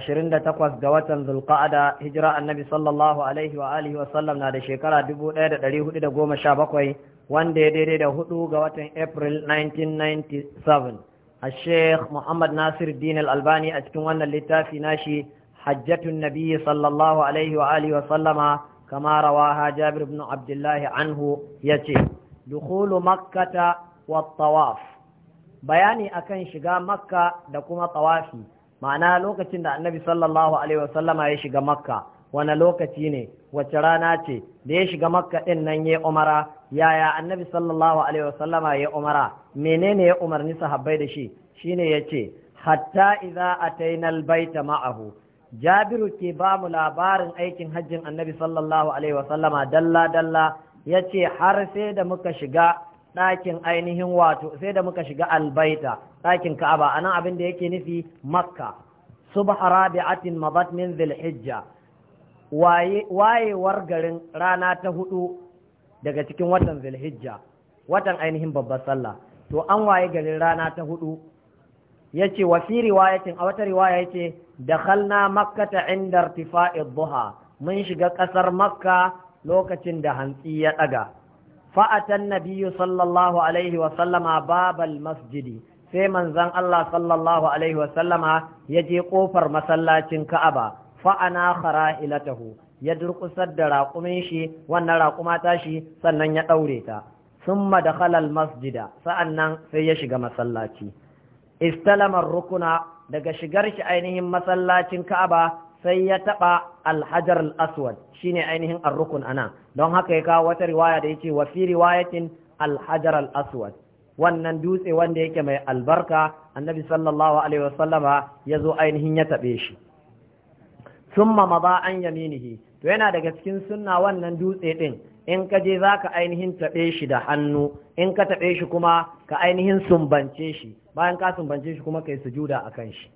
28 ga watan zulqa'ada hijira annabi sallallahu alaihi wa alihi wa sallam na da shekara 1417 wanda ya daidai da 4 ga watan april 1997 a sheikh muhammad nasir din albani a cikin wannan littafi nashi hajjatun nabi sallallahu alaihi wa alihi wa sallama kama rawaha jabir ibn abdullahi anhu yace dukhulu makkata wat tawaf bayani akan shiga makka da kuma tawafi ma'ana lokacin da annabi sallallahu alaihi wasallama ya shiga makka wani lokaci ne wace rana ce da ya shiga makka din nan ya umara yaya annabi sallallahu alaihi wasallama ya umara menene ya umarni sahabbai da shi shine yace hatta idza ataina albayta ma'ahu jabiru ke ba mu labarin aikin hajjin annabi sallallahu alaihi wasallama dalla dalla yace har sai da muka shiga ɗakin ainihin wato sai da muka shiga albaita ɗakin ka'aba anan abin da yake nufi makka subha rabi'atin mabat min dhilhijja wayewar garin rana ta hudu daga cikin watan zulhijja watan ainihin babbar sallah to an waye garin rana ta hudu ya ce wa fi riwayatin a wata riwaya ya ce dakhalna ta inda irtifa'i duha mun shiga kasar makka lokacin da hantsi ya daga fa'atan nabiyyu sallallahu alaihi wa sallama babal masjidi sai manzon Allah sallallahu alaihi wasallama ya je ƙofar masallacin Ka'aba fa'ana khara'ilatahu ya durƙusar da raƙumin shi wannan raƙuma ta shi sannan ya ɗaure ta summa da halal masjida sa'annan sai ya shiga masallaci istalamar rukuna daga shigar shi ainihin masallacin Ka'aba sai ya taɓa alhajar aswad shine ainihin ar-rukun nan don haka ya kawo wata riwaya da yace wa fi riwayatin alhajar aswad wannan dutse wanda yake mai albarka annabi sallallahu alaihi wasallama ya zo ainihin ya taɓe shi summa maza an yaminihi to yana daga cikin sunna wannan dutse ɗin in ka je za ka ainihin taɓe shi da hannu in ka taɓe shi kuma ka ainihin sumbance shi bayan ka sumbance shi kuma kai sujuda a kan shi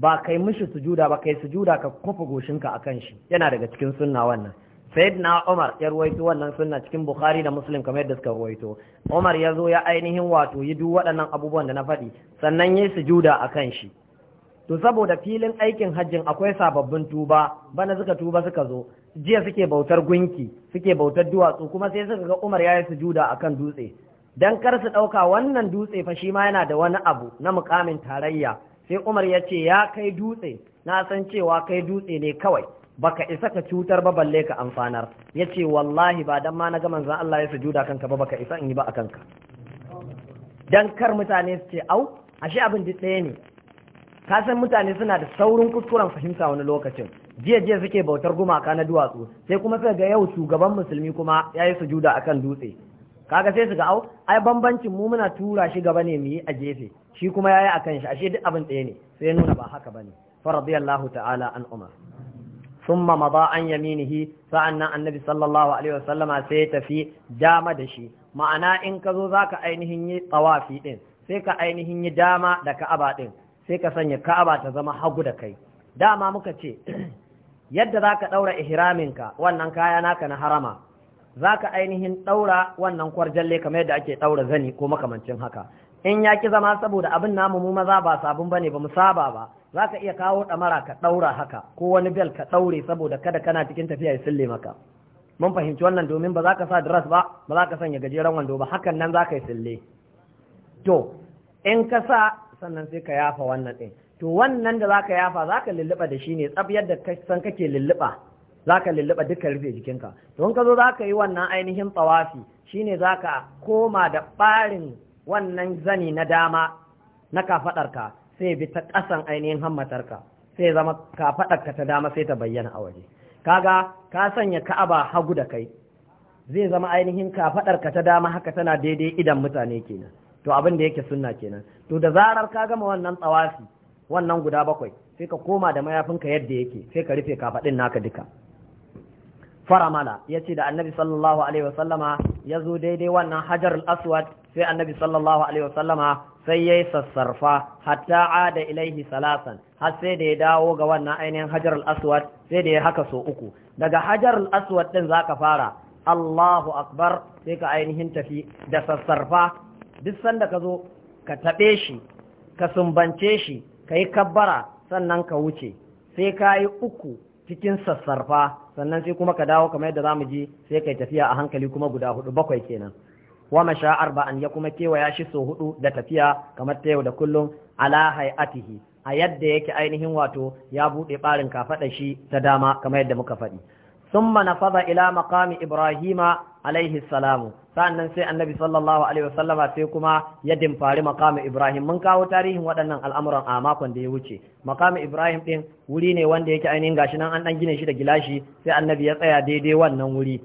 ba kai mishi sujuda ba kai sujuda ka kofa goshinka a kan shi yana daga cikin sunna wannan sayyidina Umar ya ruwaito wannan sunna cikin Bukhari da Muslim kamar yadda suka ruwaito Umar ya zo ya ainihin wato yi duk waɗannan abubuwan da na faɗi sannan yi sujuda kan shi to saboda filin aikin hajjin akwai sababbin tuba bana suka tuba suka zo jiya suke bautar gunki suke bautar duwatsu kuma sai suka ga Umar ya yi sujuda kan dutse dan kar su ɗauka wannan dutse fa shi ma yana da wani abu na mukamin tarayya sai Umar ya ce ya kai dutse na san cewa kai dutse ne kawai baka isa ka cutar ba balle ka amfanar yace wallahi ba dan ma na ga manzon Allah ya sujuda kanka ba baka isa in yi ba a kanka dan kar mutane su ce au ashe abin duk ɗaya ne ka san mutane suna da saurin kuskuren fahimta wani lokacin jiya jiya suke bautar gumaka na duwatsu sai kuma suka ga yau shugaban musulmi kuma ya yi sujuda akan dutse kaga sai su ga au ai bambancin mu muna tura shi gaba ne mu yi a gefe shi kuma yayi akan shi ashe duk abin ɗaya ne sai nuna ba haka bane fa radiyallahu ta'ala an umar thumma maba an yaminihi sa'annan annabi sallallahu alaihi wasallama sai ya tafi dama da shi ma'ana in ka zo zaka ainihin yi tsawafi din sai ka ainihin yi dama da ka'aba ɗin, sai ka sanya ka'aba ta zama hagu da kai dama muka ce yadda zaka ihiramin ka, wannan kaya naka na harama zaka ainihin daura wannan kwarjalle kamar yadda ake daura zani ko makamancin haka in ya ki zama saboda abin namu mu maza ba sabon bane ba mu saba ba za ka iya kawo ɗamara ka ɗaura haka ko wani bel ka ɗaure saboda kada kana cikin tafiya ya sille maka mun fahimci wannan domin ba za ka sa dress ba ba za ka sanya gajeren wando ba hakan nan za ka yi sille to in ka sa sannan sai ka yafa wannan ɗin to wannan da za ka yafa za ka lulluɓa da shi ne tsab yadda ka san kake lulluɓa za ka lulluɓa duka rufe jikinka to in ka zo za ka yi wannan ainihin tsawafi shine za ka koma da ɓarin wannan zani na dama na kafaɗarka sai bi ta ƙasan ainihin hammatarka sai zama kafaɗarka ta dama sai ta bayyana a waje kaga ka sanya ka'aba hagu da kai zai zama ainihin kafaɗarka ta dama haka tana daidai idan mutane kenan to abin da yake sunna kenan to da zarar ka gama wannan tsawafi wannan guda bakwai sai ka koma da mayafinka yadda yake sai ka rufe kafaɗin naka duka faramala ce da annabi sallallahu alaihi wasallama ya zo daidai wannan hajar aswad sai annabi sallallahu alaihi wasallama sai ya yi sassarfa hatta ada ilaihi salasan har sai da ya dawo ga wannan ainihin hajar aswad sai da ya haka so uku daga hajar al-aswad za zaka fara Allahu akbar sai ka ainihin tafi da sassarfa duk sanda ka zo ka taɓe shi ka sumbance shi ka yi kabbara sannan ka wuce sai ka yi uku cikin sassarfa sannan sai kuma ka dawo kamar yadda zamu ji sai kai tafiya a hankali kuma guda hudu bakwai kenan wa masha arba'an ya kuma kewaya shi so hudu da tafiya kamar ta yau da kullum ala hay'atihi a yadda yake ainihin wato ya buɗe ɓarin kafaɗa shi ta dama kamar yadda muka faɗi. Sun manafada ila makami Ibrahima alaihi salamu sannan sai annabi sallallahu alaihi wasallama sai kuma ya dimfari makamin ibrahim mun kawo tarihin waɗannan al'amuran a makon da ya wuce makamin ibrahim ɗin wuri ne wanda yake ainihin gashi nan an dan gine shi da gilashi sai annabi ya tsaya daidai wannan wuri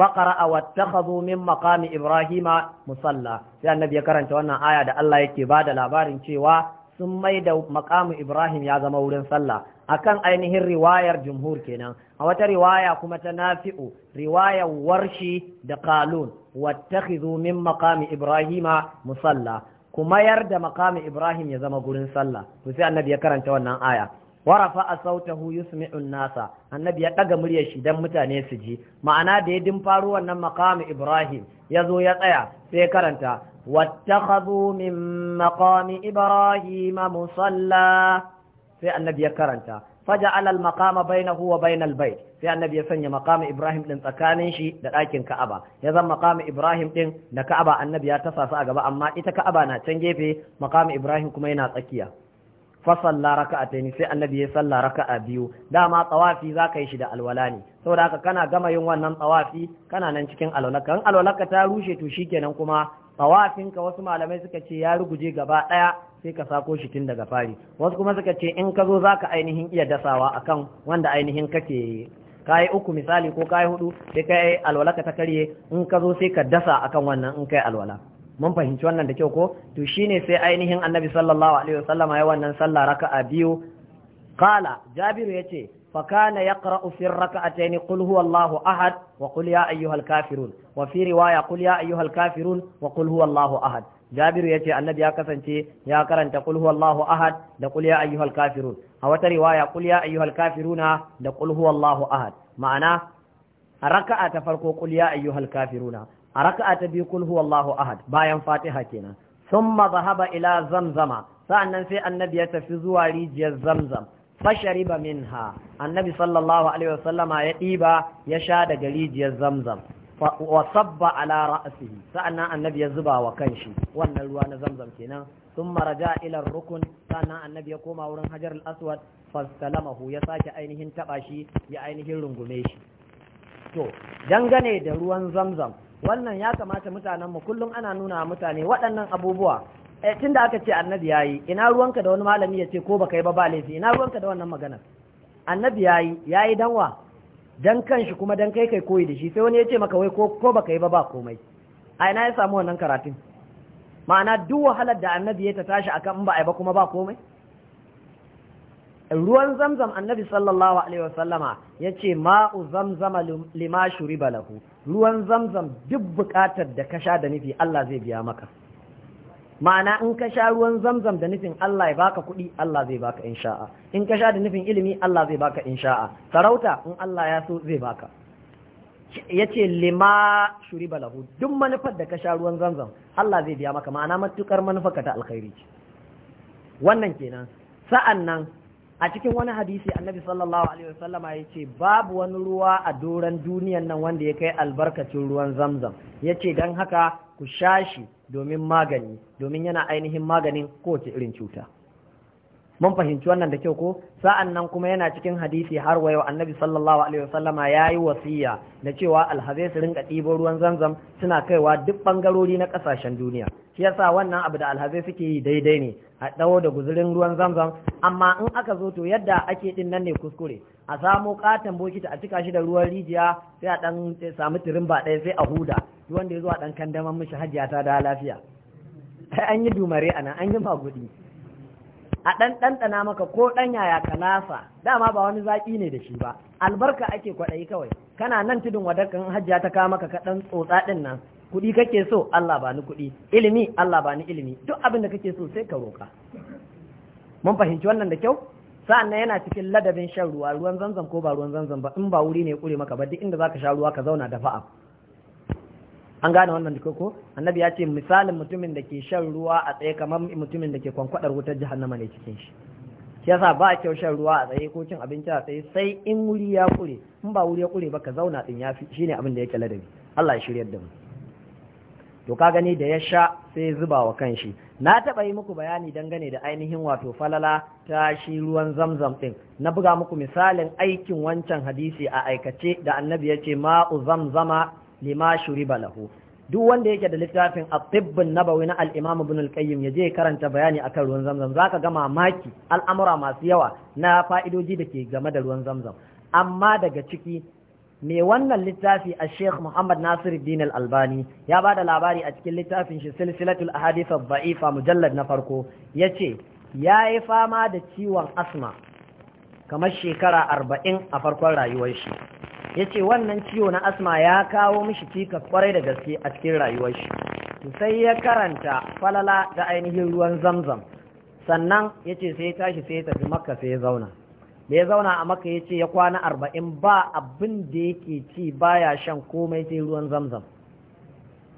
a wattakhadhu min maqami ibrahima musalla sai annabi ya karanta wannan aya da Allah yake bada labarin cewa sun maida makamin ibrahim ya zama wurin sallah akan ainihin riwayar jumhur kenan a wata riwaya kuma ta nafi'u riwayar warshi da kalun wattakhidhu min maqami ibrahima musalla kuma yarda maqami ibrahim ya zama gurin sallah to sai annabi ya karanta wannan aya warafa sautahu yusmi'un nasa annabi ya daga muryar shi dan mutane su ji ma'ana da ya dimfaro wannan maqami ibrahim ya zo ya tsaya sai karanta wattakhadhu min maqami ibrahima musalla sai annabi ya karanta faja alal maqama bainahu wa bainal bait sai annabi ya sanya maqama ibrahim din tsakanin shi da ɗakin ka'aba ya zama maqama ibrahim din da ka'aba annabi ya tasa su a gaba amma ita ka'aba na can gefe maqama ibrahim kuma yana tsakiya fa salla raka'atayn sai annabi ya salla raka'a biyu dama tawafi zaka yi shi da alwala ne saboda haka kana gama yin wannan tawafi kana nan cikin alwalaka in alwalaka ta rushe to shikenan kuma tawafinka wasu malamai suka ce ya ruguje gaba daya sai ka sako shi tun daga fari wasu kuma suka ce in ka zo za ka ainihin iya dasawa akan wanda ainihin kake ka yi uku misali ko ka yi hudu sai ka yi alwala ka ta karye in ka zo sai ka dasa akan wannan in ka yi alwala mun fahimci wannan da kyau ko to shine sai ainihin annabi sallallahu alaihi wasallama ya wannan sallah raka'a biyu qala jabiru yace فكان يقرأ في الركعتين قل هو الله ahad وقل يا أيها الكافرون وفي رواية قل يا ayyuhal kafirun wa هو الله ahad. jabir ya ce annabi ya kasance ya karanta qul huwallahu ahad da qul ya ayyuhal kafirun a wata riwaya qul ya ayyuhal kafiruna da qul huwallahu ahad ma'ana a raka'a ta farko qul ya ayyuhal kafiruna a raka'a ta biyu qul huwallahu ahad bayan fatiha kenan thumma zahaba ila zamzama sa'annan sai annabi ya tafi zuwa rijiyar zamzam fashariba minha annabi sallallahu alaihi wasallama ya ɗiba ya sha daga rijiyar zamzam wa sabba ala ra'sihi sa'annan annabi ya zuba wa kanshi wannan ruwa na zamzam kenan sun maraja ilar rukun sannan annabi ya koma wurin hajar al-aswad fastalamahu ya sake ainihin taba shi ya ainihin rungume shi to dangane da ruwan zamzam wannan ya kamata mutanen mu kullum ana nuna mutane waɗannan abubuwa eh tunda aka ce annabi yayi ina ruwanka da wani malami ya ce ko baka yi ba ba lafi ina ruwanka da wannan magana annabi yayi yayi danwa dan kanshi kuma dan kai kai koyi da shi sai wani ya ce maka wai ko ko baka yi ba ba komai a ina ya samu wannan karatun ma'ana duk wahalar da annabi ya ta tashi akan in ba a yi ba kuma ba komai ruwan zamzam annabi sallallahu alaihi wasallama ya ce ma'u zamzama lima shuriba lahu ruwan zamzam duk bukatar da ka sha da nufi Allah zai biya maka ma'ana in ka sha ruwan zamzam da nufin Allah ya baka kuɗi Allah zai baka insha'a in ka sha da nufin ilimi Allah zai baka insha'a sarauta in Allah ya so zai baka yace lima shuri balahu duk manufar da ka sha ruwan zamzam Allah zai biya maka ma'ana matukar manufar ka ta alkhairi wannan kenan sa'an nan a cikin wani hadisi annabi sallallahu alaihi ya ce babu wani ruwa a doran duniyan nan wanda ya kai albarkacin ruwan zamzam ya ce don haka ku sha shi domin magani domin yana ainihin maganin kowace irin cuta mun fahimci wannan da kyau ko sa'an nan kuma yana cikin hadisi har wayo annabi sallallahu alaihi wasallama ya yi wasiya da cewa alhazai su rinka ɗibo ruwan zanzam suna kaiwa duk ɓangarori na ƙasashen duniya shi yasa wannan abu da alhazai suke yi daidai ne a dawo da guzurin ruwan zamzam amma in aka zo to yadda ake din nan ne kuskure a samo katon bokiti a cika shi da ruwan rijiya sai a dan samu tirimba ɗaya sai a huda wanda ya zo a dan kandaman mishi hajiya ta da lafiya an yi dumare a nan an yi magudi a ɗan ɗanɗana maka ko ɗan yaya ka dama ba wani zaƙi ne da shi ba albarka ake kwaɗayi kawai kana nan tudun wadakan hajiya ta kama maka ka ɗan tsotsa ɗin nan kuɗi kake so Allah ba ni kuɗi ilimi Allah ba ni ilimi duk abin da kake so sai ka roƙa mun fahimci wannan da kyau sa'an yana cikin ladabin shan ruwa ruwan zanzan ko ba ruwan zanzan ba in ba wuri ne kure maka ba duk inda zaka sha ruwa ka zauna da fa'a an gane wannan da ko annabi ya ce misalin mutumin da ke shan ruwa a tsaye kamar mutumin da ke kwankwadar wutar jahannama ne cikin shi shi yasa ba kyau shan ruwa a tsaye ko cin abinci a tsaye sai in wuri ya kure in ba wuri ya kure ba ka zauna din yafi shine abin da yake ladabi Allah ya shiryar da mu to ka gani da ya sha sai zuba wa kanshi na taɓa yi muku bayani dangane da ainihin wato falala ta shi ruwan zamzam ɗin na buga muku misalin aikin wancan hadisi a aikace da annabi ya ce ma'u zamzama lima shuriba lahu duk wanda yake da littafin at-tibbun nabawi na al bin ibn ya ya karanta bayani akan ruwan zamzam ka ga mamaki al'amura masu yawa na fa'idoji da ke game da ruwan zamzam amma daga ciki me wannan littafi a sheikh muhammad nasiruddin al-albani ya ba da labari a cikin littafin shi silsilatul ahadith ba'ifa mujallad na farko ya ce ya yi fama da ciwon asma kamar shekara arba'in a farkon rayuwar shi ya ce wannan ciwo na asma ya kawo mishi cikas kwarai da gaske a cikin rayuwar shi sai ya karanta falala da ainihin ruwan zamzam sannan ya ce sai ya tashi sai ya tafi makka sai ya zauna da ya zauna a maka ya ce ya kwana arba'in ba abin da yake ci baya shan komai sai ruwan zamzam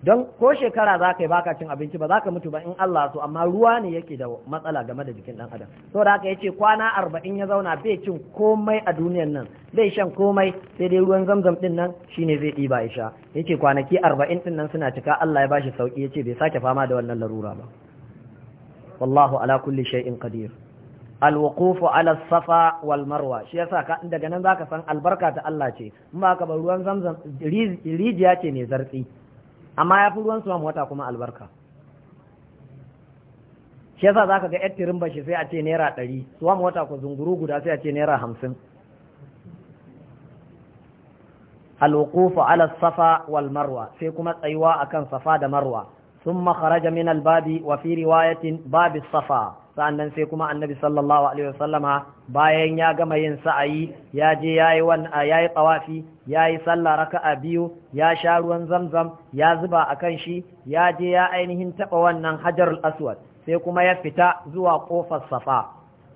don ko shekara za ka yi baka cin abinci ba za ka mutu ba in Allah so amma ruwa ne yake da matsala game da jikin dan adam so da haka ya ce kwana arba'in ya zauna bai cin komai a duniyan nan bai shan komai sai dai ruwan zamzam din nan shine zai ɗiba ya sha ya ce kwanaki arba'in din nan suna cika Allah ya bashi sauki ya ce bai sake fama da wannan larura ba wallahu ala kulli shay'in qadir alwuqufu ala safa wal marwa shi yasa ka daga nan zaka san albarka ta Allah ce in ba ka ba ruwan zamzam rijiya ce ne zartsi amma ya fi ruwan suwan wata kuma albarka shi yasa zaka ga yar tirin bashi sai a ce naira ɗari suwan wata ku zunguru guda sai a ce naira hamsin alwuqufu ala safa wal marwa sai kuma tsayuwa akan safa da marwa ثم خرج من الباب وفي رواية باب الصفا sa'annan sai kuma annabi sallallahu alaihi wasallama bayan ya gama yin sa'ayi ya je yayi yi yayi ya yi sallah raka'a biyu ya sha ruwan zamzam ya zuba akan shi ya je ya ainihin taba wannan hajarul aswad sai kuma ya fita zuwa ƙofar safa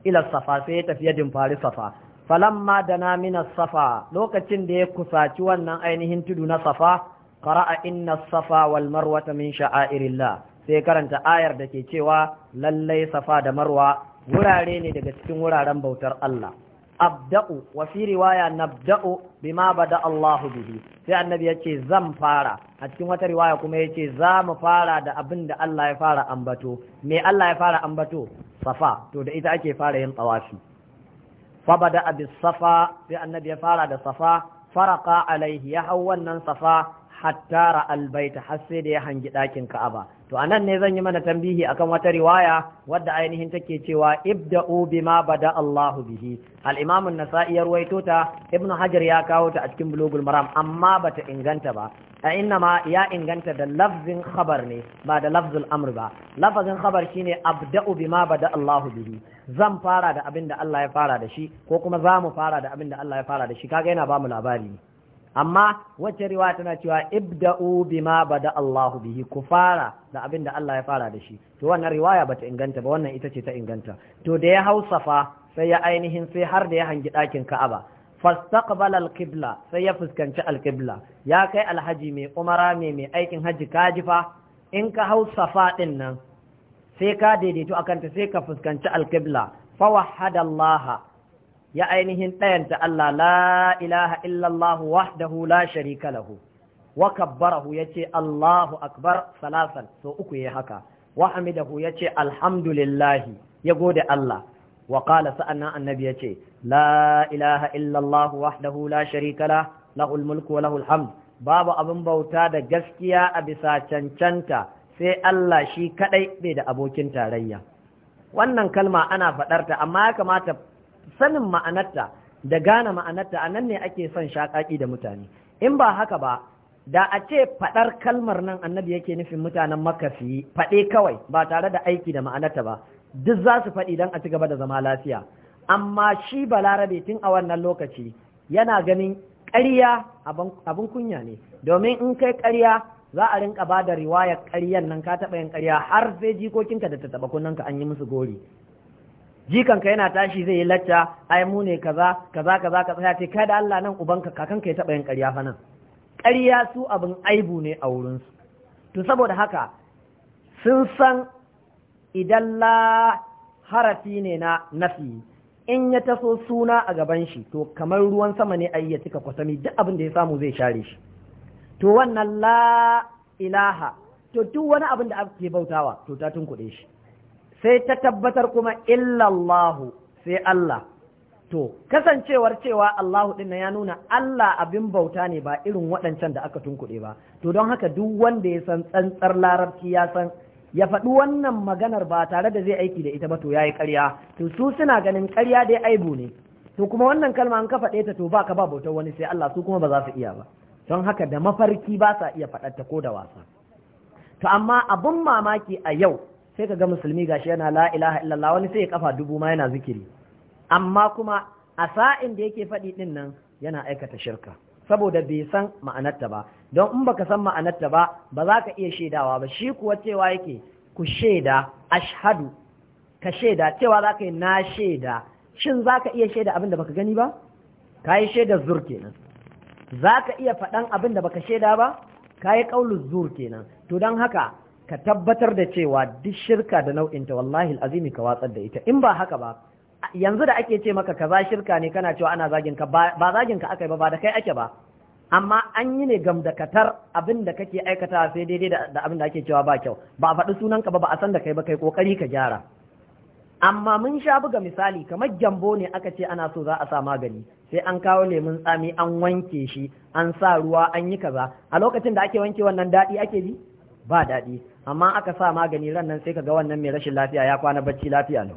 ila safa sai ya tafi yadin fari safa falamma na min safa lokacin da ya kusaci wannan ainihin tudu na safa qara'a inna safa wal marwa min sha'airillah sai karanta ayar da ke cewa lallai safa da marwa wurare ne daga cikin wuraren bautar Allah abda'u wa fi riwaya nabda'u bima bada Allahu bihi sai annabi yace zan fara a cikin wata riwaya kuma yace za mu fara da abin da Allah ya fara ambato me Allah ya fara ambato safa to da ita ake fara yin tawafi fa bada bis safa sai annabi ya fara da safa faraka alaihi ya hau wannan safa hatta ra'al har sai da ya hangi dakin Ka'aba to anan ne zan yi mana tambihi akan wata riwaya wadda ainihin take cewa ibda'u bima bada Allahu bihi al-Imam an-Nasa'i ya ruwaito ta Ibn Hajar ya kawo ta a cikin Bulughul Maram amma bata inganta ba a inna ma ya inganta da lafzin khabar ne ba da lafzul amr ba lafzin khabar shine abda'u bima bada Allahu bihi zan fara da abin da Allah ya fara da shi ko kuma za mu fara da abin da Allah ya fara da shi kaga yana ba mu labari ne amma wacce riwa tana cewa ibda'u bima bada Allahu bihi ku fara da abin da Allah ya fara da shi to wannan riwaya bata inganta ba wannan ita ce ta inganta to da ya hausafa sai ya ainihin sai har da ya hangi ɗakin Ka'aba fastaqbala al-qibla sai ya fuskanci al-qibla ya kai alhaji mai umara mai mai aikin haji kajifa in ka hausafa din nan sai ka daidaito akanta sai ka fuskanci al-qibla fa wahhadallaha ya ainihin ɗayanta Allah la ilaha illallah wahdahu la sharika lahu wa kabbarahu yace Allahu akbar salasan so uku yayi haka wa hamidahu yace alhamdulillahi ya gode Allah wa qala sa'annan annabi yace la ilaha illallah wahdahu la sharika la lahul mulku wa lahul hamd babu abin bauta da gaskiya a bisa cancanta sai Allah shi kadai bai da abokin tarayya wannan kalma ana faɗarta amma ya kamata sanin ma'anarta da gane ma'anarta a nan ne ake son shaƙaƙi da mutane in ba haka ba da a ce faɗar kalmar nan annabi yake nufin mutanen makafi fiye faɗe kawai ba tare da aiki da ma'anarta ba duk za su faɗi don a ci gaba da zama lafiya amma shi balarabe tun a wannan lokaci yana ganin ƙarya abin kunya ne domin in kai ƙarya za a rinka ba da riwayar ƙaryan nan ka taɓa yin ƙarya har sai jikokinka da ta taɓa kunnanka an yi musu gori jikanka yana tashi zai yi lacca ai mu ne kaza kaza kaza kaza ya ce kai da Allah nan ubanka kakan ka ya taba yin ƙarya fa nan ƙarya su abin aibu ne a wurin su to saboda haka sun san idan la harafi ne na nafi in ya taso suna a gaban shi to kamar ruwan sama ne ai ya cika kwatami duk abin da ya samu zai share shi to wannan la ilaha to duk wani abin da ake bautawa to ta tunkuɗe shi sai ta tabbatar kuma illallahu sai Allah to kasancewar cewa Allahu din ya nuna Allah abin bauta ne ba irin waɗancan da aka tunkuɗe ba to don haka duk wanda ya san tsantsar larabci ya san ya faɗi wannan maganar ba tare da zai aiki da ita ba to yayi ƙarya to su suna ganin ƙarya dai aibu ne to kuma wannan kalma an ka faɗe ta to ba ka ba bautar wani sai Allah su kuma ba za su iya ba don haka da mafarki ba sa iya faɗar ko da wasa to amma abin mamaki a yau sai ka ga musulmi gashi yana la'ilaha ilaha illallah wani sai ya kafa dubu ma yana zikiri amma kuma a sa'in da yake faɗi ɗin nan yana aikata shirka saboda bai san ma'anarta ba don in baka san ma'anarta ba ba za ka iya shaidawa ba shi kuwa cewa yake ku shaida ashhadu ka shaida cewa za ka yi na shaida shin za ka iya shaida abin da baka gani ba ka yi shaidar zur kenan za ka iya faɗan abin da baka shaida ba ka yi ƙaunar zur kenan to don haka ka tabbatar da cewa duk shirka da nau'inta wallahi azimi ka watsar da ita in ba haka ba yanzu da ake ce maka kaza shirka ne kana cewa ana zagin ka ba zagin ka akai ba ba da kai ake ba amma an yi ne gam da katar abin da kake aikata sai daidai da abin da ake cewa ba kyau ba a faɗi sunan ka ba ba a san da kai ba kai kokari ka gyara amma mun sha buga misali kamar gyambo ne aka ce ana so za a sa magani sai an kawo lemun tsami an wanke shi an sa ruwa an yi kaza a lokacin da ake wanke wannan daɗi ake bi? ba daɗi amma aka sa magani ran nan sai ka ga wannan mai rashin lafiya ya kwana bacci lafiya lau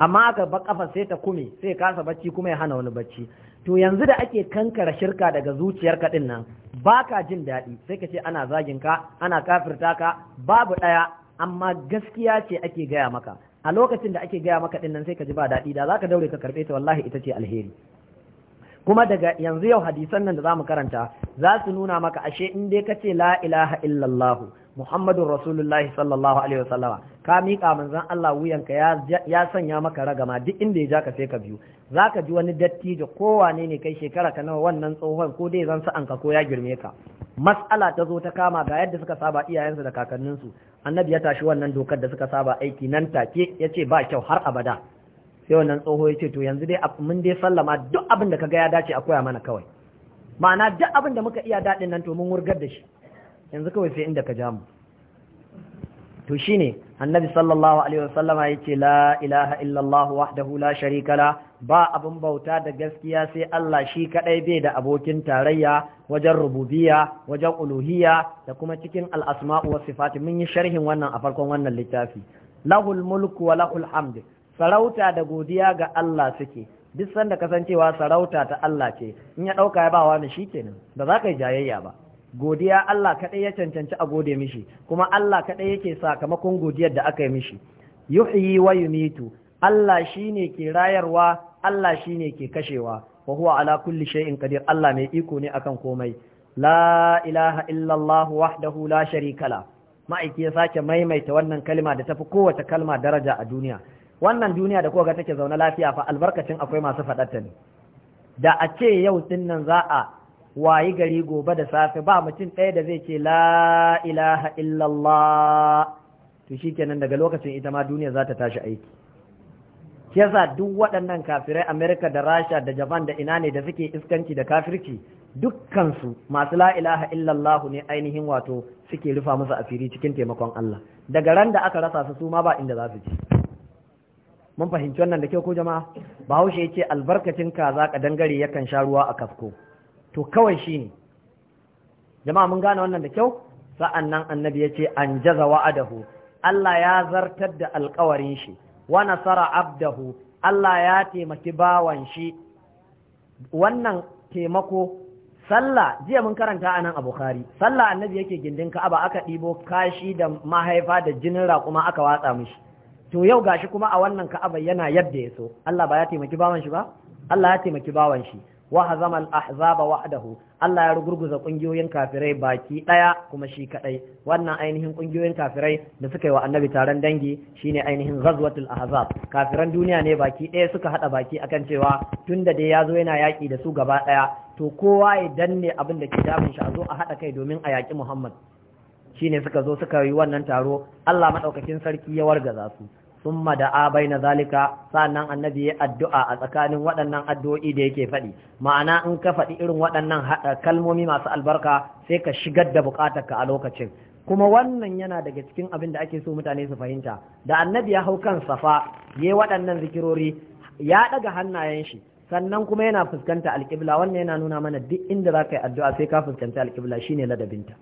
amma aka ba kafa sai ta kume sai kasa bacci kuma ya hana wani bacci to yanzu da ake kankara shirka daga zuciyarka din nan baka jin daɗi sai ka ce ana zagin ka ana kafirta ka babu ɗaya amma gaskiya ce ake gaya maka a lokacin da ake gaya maka din nan sai ka ji ba daɗi da zaka daure ka karɓe ta wallahi ita ce alheri kuma daga yanzu yau hadisan nan da zamu karanta za su nuna maka ashe in dai ka ce la ilaha illallah Muhammadun Rasulullahi sallallahu alaihi wasallama ka miƙa manzon Allah wuyanka ya sanya maka ragama duk inda ya ja ka sai ka biyu Za ka ji wani datti da kowane ne kai shekara ka nawa wannan tsohon ko dai zan sa'an ka ko ya girme ka mas'ala ta zo ta kama ga yadda suka saba iyayensu da kakanninsu annabi ya tashi wannan dokar da suka saba aiki nan take ya ce ba kyau har abada sai wannan tsoho ya ce to yanzu dai mun dai sallama duk abin da ga ya dace a koya mana kawai ma'ana duk abin da muka iya daɗin nan to mun wurgar da shi yanzu kawai sai inda ka ja mu to shine annabi sallallahu alaihi ya ce la ilaha illallah wahdahu la sharika la ba abun bauta da gaskiya sai Allah shi kadai bai da abokin tarayya wajen rububiyya wajen uluhiyya da kuma cikin al-asma'u was sifati mun yi sharhin wannan a farkon wannan littafi lahul mulku wa lahul hamd sarauta da godiya ga Allah suke duk sanda kasancewa sarauta ta Allah ce in ya dauka ya ba wani shikenan ba za ka yi jayayya ba godiya Allah kaɗai ya cancanci a gode mishi kuma Allah kaɗai yake sakamakon godiyar da aka yi mishi yuhyi wa yumitu Allah shine ke rayarwa Allah shine ke kashewa wa huwa ala kulli shay'in qadir Allah mai iko ne akan komai la ilaha illa Allah wahdahu la sharika la ma'aiki ya sake maimaita wannan kalma da tafi kowace kalma daraja a duniya wannan duniya da kowa take zaune lafiya fa albarkacin akwai masu ta ne da a ce yau din za a wayi gari gobe da safe ba mutum ɗaya da zai ce la ilaha illallah to shi kenan daga lokacin ita ma duniya za ta tashi aiki yasa duk waɗannan kafirai Amerika da Rasha da Japan da ina ne da suke iskanci da kafirci dukkansu masu la ilaha illallah ne ainihin wato suke rufa musu asiri cikin taimakon Allah daga ran da aka rasa su su ma ba inda za su je mun fahimci wannan da kyau ko jama'a bahaushe ya ce albarkacin kaza ka dangare yakan sha ruwa a kasko to kawai shi ne. jama'a mun gane wannan da kyau sa'an nan annabi ya ce an jaza wa'adahu Allah ya zartar da alkawarin shi wa nasara abdahu Allah ya taimaki bawan shi wannan taimako sallah jiya mun karanta a nan a bukhari sallah annabi yake gindin ka'aba aka ɗibo kashi da mahaifa da jinin raƙuma aka watsa mishi to yau gashi kuma a wannan ka'aba yana yadda ya so Allah ba ya taimaki bawan shi ba Allah ya taimaki bawan shi wa hazama al-ahzaba wahdahu Allah ya rugurguza kungiyoyin kafirai baki daya kuma shi kadai wannan ainihin kungiyoyin kafirai da suka yi wa annabi taron dangi shine ainihin ghazwatul ahzab kafiran duniya ne baki daya suka hada baki akan cewa tunda dai yazo yana yaki da su gaba daya to kowa ya danne abin da ke damun shi a zo a hada kai domin a yaki Muhammad shine suka zo suka yi wannan taro Allah madaukakin sarki ya wargaza su summa da a bai na zalika sannan annabi ya addu'a a tsakanin waɗannan addu'o'i da yake faɗi ma'ana in ka faɗi irin waɗannan kalmomi masu albarka sai ka shigar da buƙatarka a lokacin kuma wannan yana daga cikin abin da ake so mutane su fahimta da annabi ya hau kan safa ya yi waɗannan zikirori ya ɗaga hannayen shi sannan kuma yana fuskanta alƙibla wannan yana nuna mana duk inda za ka yi addu'a sai ka fuskanta alƙibla shine ladabinta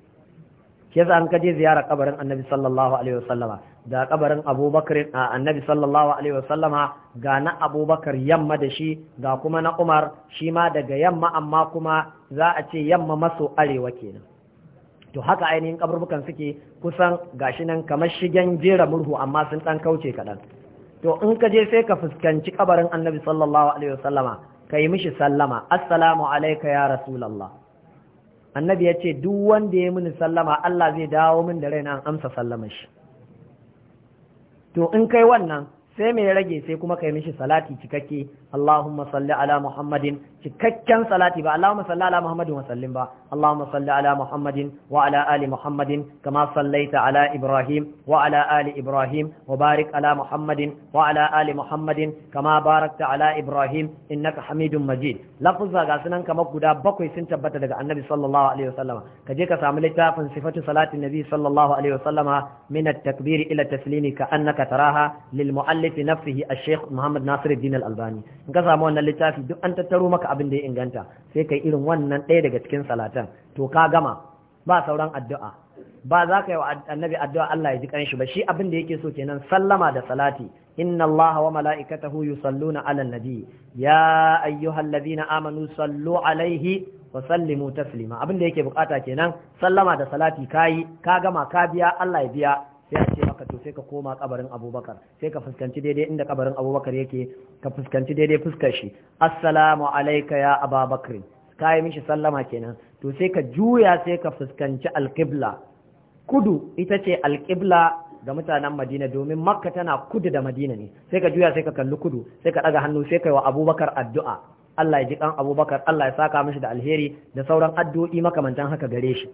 ke za an kaje ziyara kabarin annabi sallallahu alaihi wasallama da kabarin abubakar annabi sallallahu alaihi wasallama ga na abubakar yamma da shi ga kuma na umar shi ma daga yamma amma kuma za a ce yamma maso arewa kenan to haka ainihin kaburbukan suke kusan gashi nan kamar shigen jera murhu amma sun dan kauce kaɗan to in ka je sai ka fuskanci kabarin annabi sallallahu alaihi wasallama ka yi mishi sallama assalamu alaika ya rasulallah annabi ya ce duk wanda ya mini sallama Allah zai dawo min da raina amsa sallama shi to in kai wannan sai mai rage sai kuma kai mishi salati cikakke Allahumma salli ala Muhammadin cikakken salati ba Allahumma salli ala Muhammadin wa sallim ba Allahumma salli ala Muhammadin wa ala ali Muhammadin kama sallaita ala Ibrahim wa ala ali Ibrahim wa ala Muhammadin wa ala ali Muhammadin kama barakta ala Ibrahim innaka Hamidum Majid lafuzza ga sunan kamar guda bakwai sun tabbata daga Annabi sallallahu alaihi wasallam ka je ka samu littafin sifatu salatin Nabi sallallahu alaihi wasallam min at-takbir ila taslimi ka annaka lil muallif nafsihi a sheikh Muhammad Nasiruddin albani in ka samu wannan littafi duk an tattaro maka abin da ya inganta sai kai irin wannan ɗaya daga cikin salatan to ka gama ba sauran addu'a ba za ka yi wa annabi addu'a Allah ya ji kanshi ba shi abin da yake so kenan sallama da salati inna Allah wa mala'ikatahu yusalluna 'alan nabi ya ayyuhallazina amanu sallu alaihi wa sallimu taslima abin da yake bukata kenan sallama da salati kayi ka gama ka biya Allah ya biya sai a ce maka to sai ka koma kabarin abubakar sai ka fuskanci daidai inda kabarin abubakar yake ka fuskanci daidai fuskar shi assalamu alaika ya ababakar ka yi mishi sallama kenan to sai ka juya sai ka fuskanci alƙibla kudu ita ce alƙibla ga mutanen madina domin makka tana kudu da madina ne sai ka juya sai ka kalli kudu sai ka ɗaga hannu sai ka yi wa abubakar addu'a Allah ya ji kan abubakar Allah ya saka mishi da alheri da sauran addu'o'i makamantan haka gare shi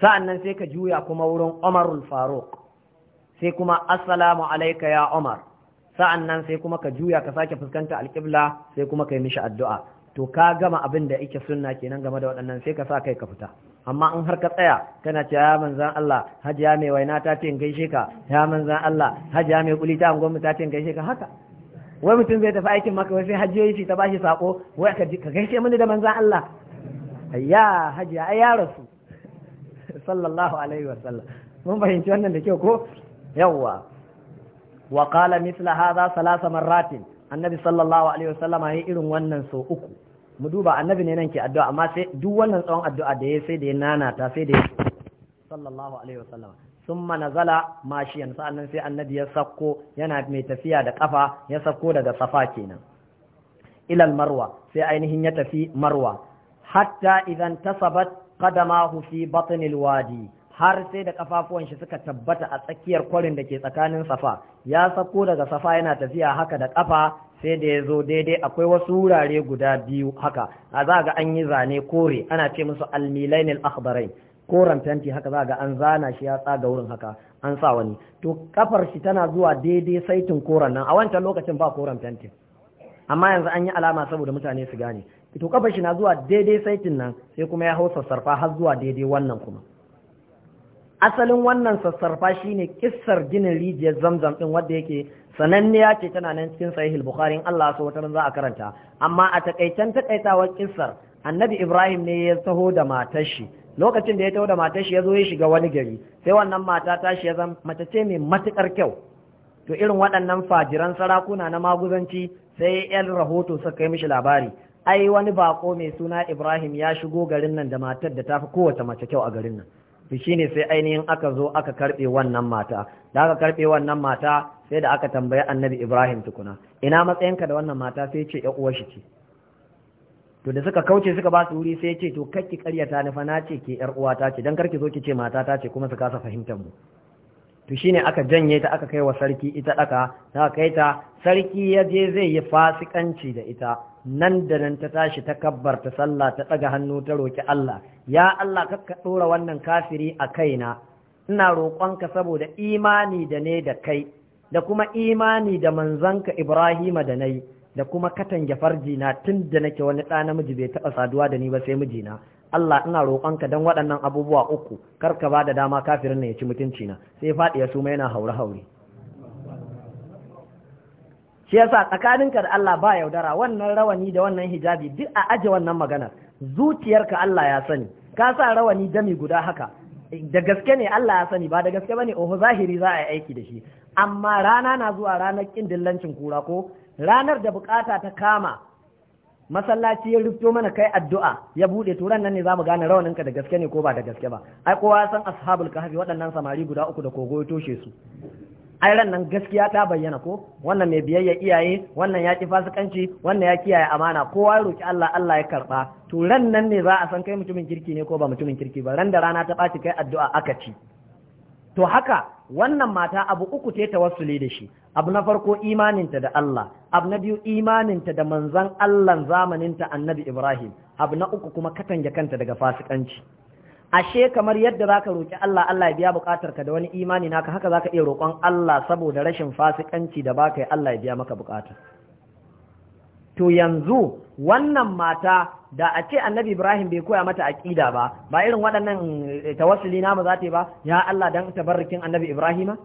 sa'an nan sai ka juya kuma wurin umarul faruk sai kuma assalamu alaika ya umar sa'an nan sai kuma ka juya ka sake fuskanta alƙibla sai kuma ka yi mishi addu'a to ka gama abin da yake sunna kenan game da waɗannan sai ka sa kai ka fita amma in har ka tsaya kana cewa ya manzan Allah hajiya mai waina ta ce in gaishe ka ya manzan Allah hajiya mai kuli ta angon ta ce in gaishe ka haka wai mutum zai tafi aikin maka wai sai hajiyoyi ta bashi sako wai ka ka gaishe mini da manzan Allah ayya hajiya ayya ya rasu sallallahu alaihi wasallam mun fahimci wannan da kyau ko yawwa wa qala mithla hadha salasa marratin annabi sallallahu alaihi wasallama yayi irin wannan so uku mu duba annabi ne nan ke addu'a amma sai duk wannan tsawon addu'a da yayi sai da ya nanata sai da ya sallallahu alaihi wasallama summa nazala mashiyan sa'annan sai annabi ya sako. yana mai tafiya da kafa ya sako daga safa kenan ilal marwa sai ainihin ya tafi marwa hatta idan tasabat qadamahu fi batnil wadi har sai da kafafuwan shi suka tabbata a tsakiyar kwarin da ke tsakanin safa ya sako daga safa yana tafiya haka da kafa sai da ya zo daidai akwai wasu wurare guda biyu haka a za ga an yi zane kore ana ce musu almilainil akhbarai koren fenti haka za ga an zana shi ya tsaga wurin haka an sa wani to kafar shi tana zuwa daidai saitin koren nan a wancan lokacin ba koren fenti amma yanzu an yi alama saboda mutane su gane to kafar shi na zuwa daidai saitin nan sai kuma ya hausa sarfa har zuwa daidai wannan kuma asalin wannan sassarfa shine kisar ginin rijiyar zamzam ɗin wanda yake sananniya ce tana nan cikin sahih bukhari in Allah so wata za a karanta amma a takaicen takaitawar kisar, annabi ibrahim ne ya taho da matar lokacin da ya taho da matar shi ya zo ya shiga wani gari sai wannan mata ta shi ya zama mace ce mai matukar kyau to irin waɗannan fajiran sarakuna na maguzanci sai yan rahoto suka kai mishi labari ai wani bako mai suna ibrahim ya shigo garin nan da matar da tafi kowace mace kyau a garin nan to shine sai ainihin aka zo aka karbe wannan mata da aka karbe wannan mata sai da aka tambayi annabi ibrahim tukuna ina matsayinka da wannan mata sai ce ya uwar ce to da suka kauce suka ba su wuri sai ce to kakki karyata ni fa na ce ke yar uwa ta ce dan karki zo ki ce mata ta ce kuma su kasa fahimtar mu to shine aka janye ta aka kai wa sarki ita daka ta kai ta sarki ya je zai yi fasikanci da ita nan da nan ta tashi ta kabbar ta sallah ta tsaga hannu ta roƙi Allah ya Allah ka ɗora wannan kafiri a kaina ina roƙonka saboda imani da ne da kai da kuma imani da manzanka Ibrahima da nayi da kuma katange farjina tun da nake wani ɗa namiji bai taɓa saduwa da ni ba sai mijina Allah ina roƙonka don waɗannan abubuwa uku kar ka ba da dama kafirin ya ci mutuncina sai faɗi ya suma yana haure-haure shi yasa tsakaninka da Allah ba yaudara wannan rawani da wannan hijabi duk a aje wannan magana zuciyarka Allah ya sani ka sa rawani dami guda haka da gaske ne Allah ya sani ba da gaske bane oho zahiri za a yi aiki da shi amma rana na zuwa ranar kin dillancin kura ko ranar da bukata ta kama masallaci ya rufto mana kai addu'a ya bude turan nan ne zamu gane rawaninka da gaske ne ko ba da gaske ba ai kowa san ashabul kahfi waɗannan samari guda uku da kogo ya toshe su ai ran nan gaskiya ta bayyana ko wannan mai biyayya iyaye wannan ya ki fasikanci wannan ya kiyaye amana kowa ya roki Allah Allah ya karba to ran nan ne za a san kai mutumin kirki ne ko ba mutumin kirki ba ran da rana ta baci kai addu'a aka ci to haka wannan mata abu uku ta tawassuli da shi abu na farko imaninta da Allah abu na biyu imaninta da manzon Allah zamaninta annabi Ibrahim abu na uku kuma katange kanta daga fasikanci ashe kamar yadda zaka roki Allah Allah ya biya bukatar ka da wani imani naka haka zaka iya roƙon Allah saboda rashin fasikanci da baka yi Allah ya biya maka bukata to yanzu wannan mata da a ce annabi Ibrahim bai koya mata aƙida ba ba irin waɗannan eh, tawassuli na za ta ba ya Allah dan tabarrukin annabi Ibrahima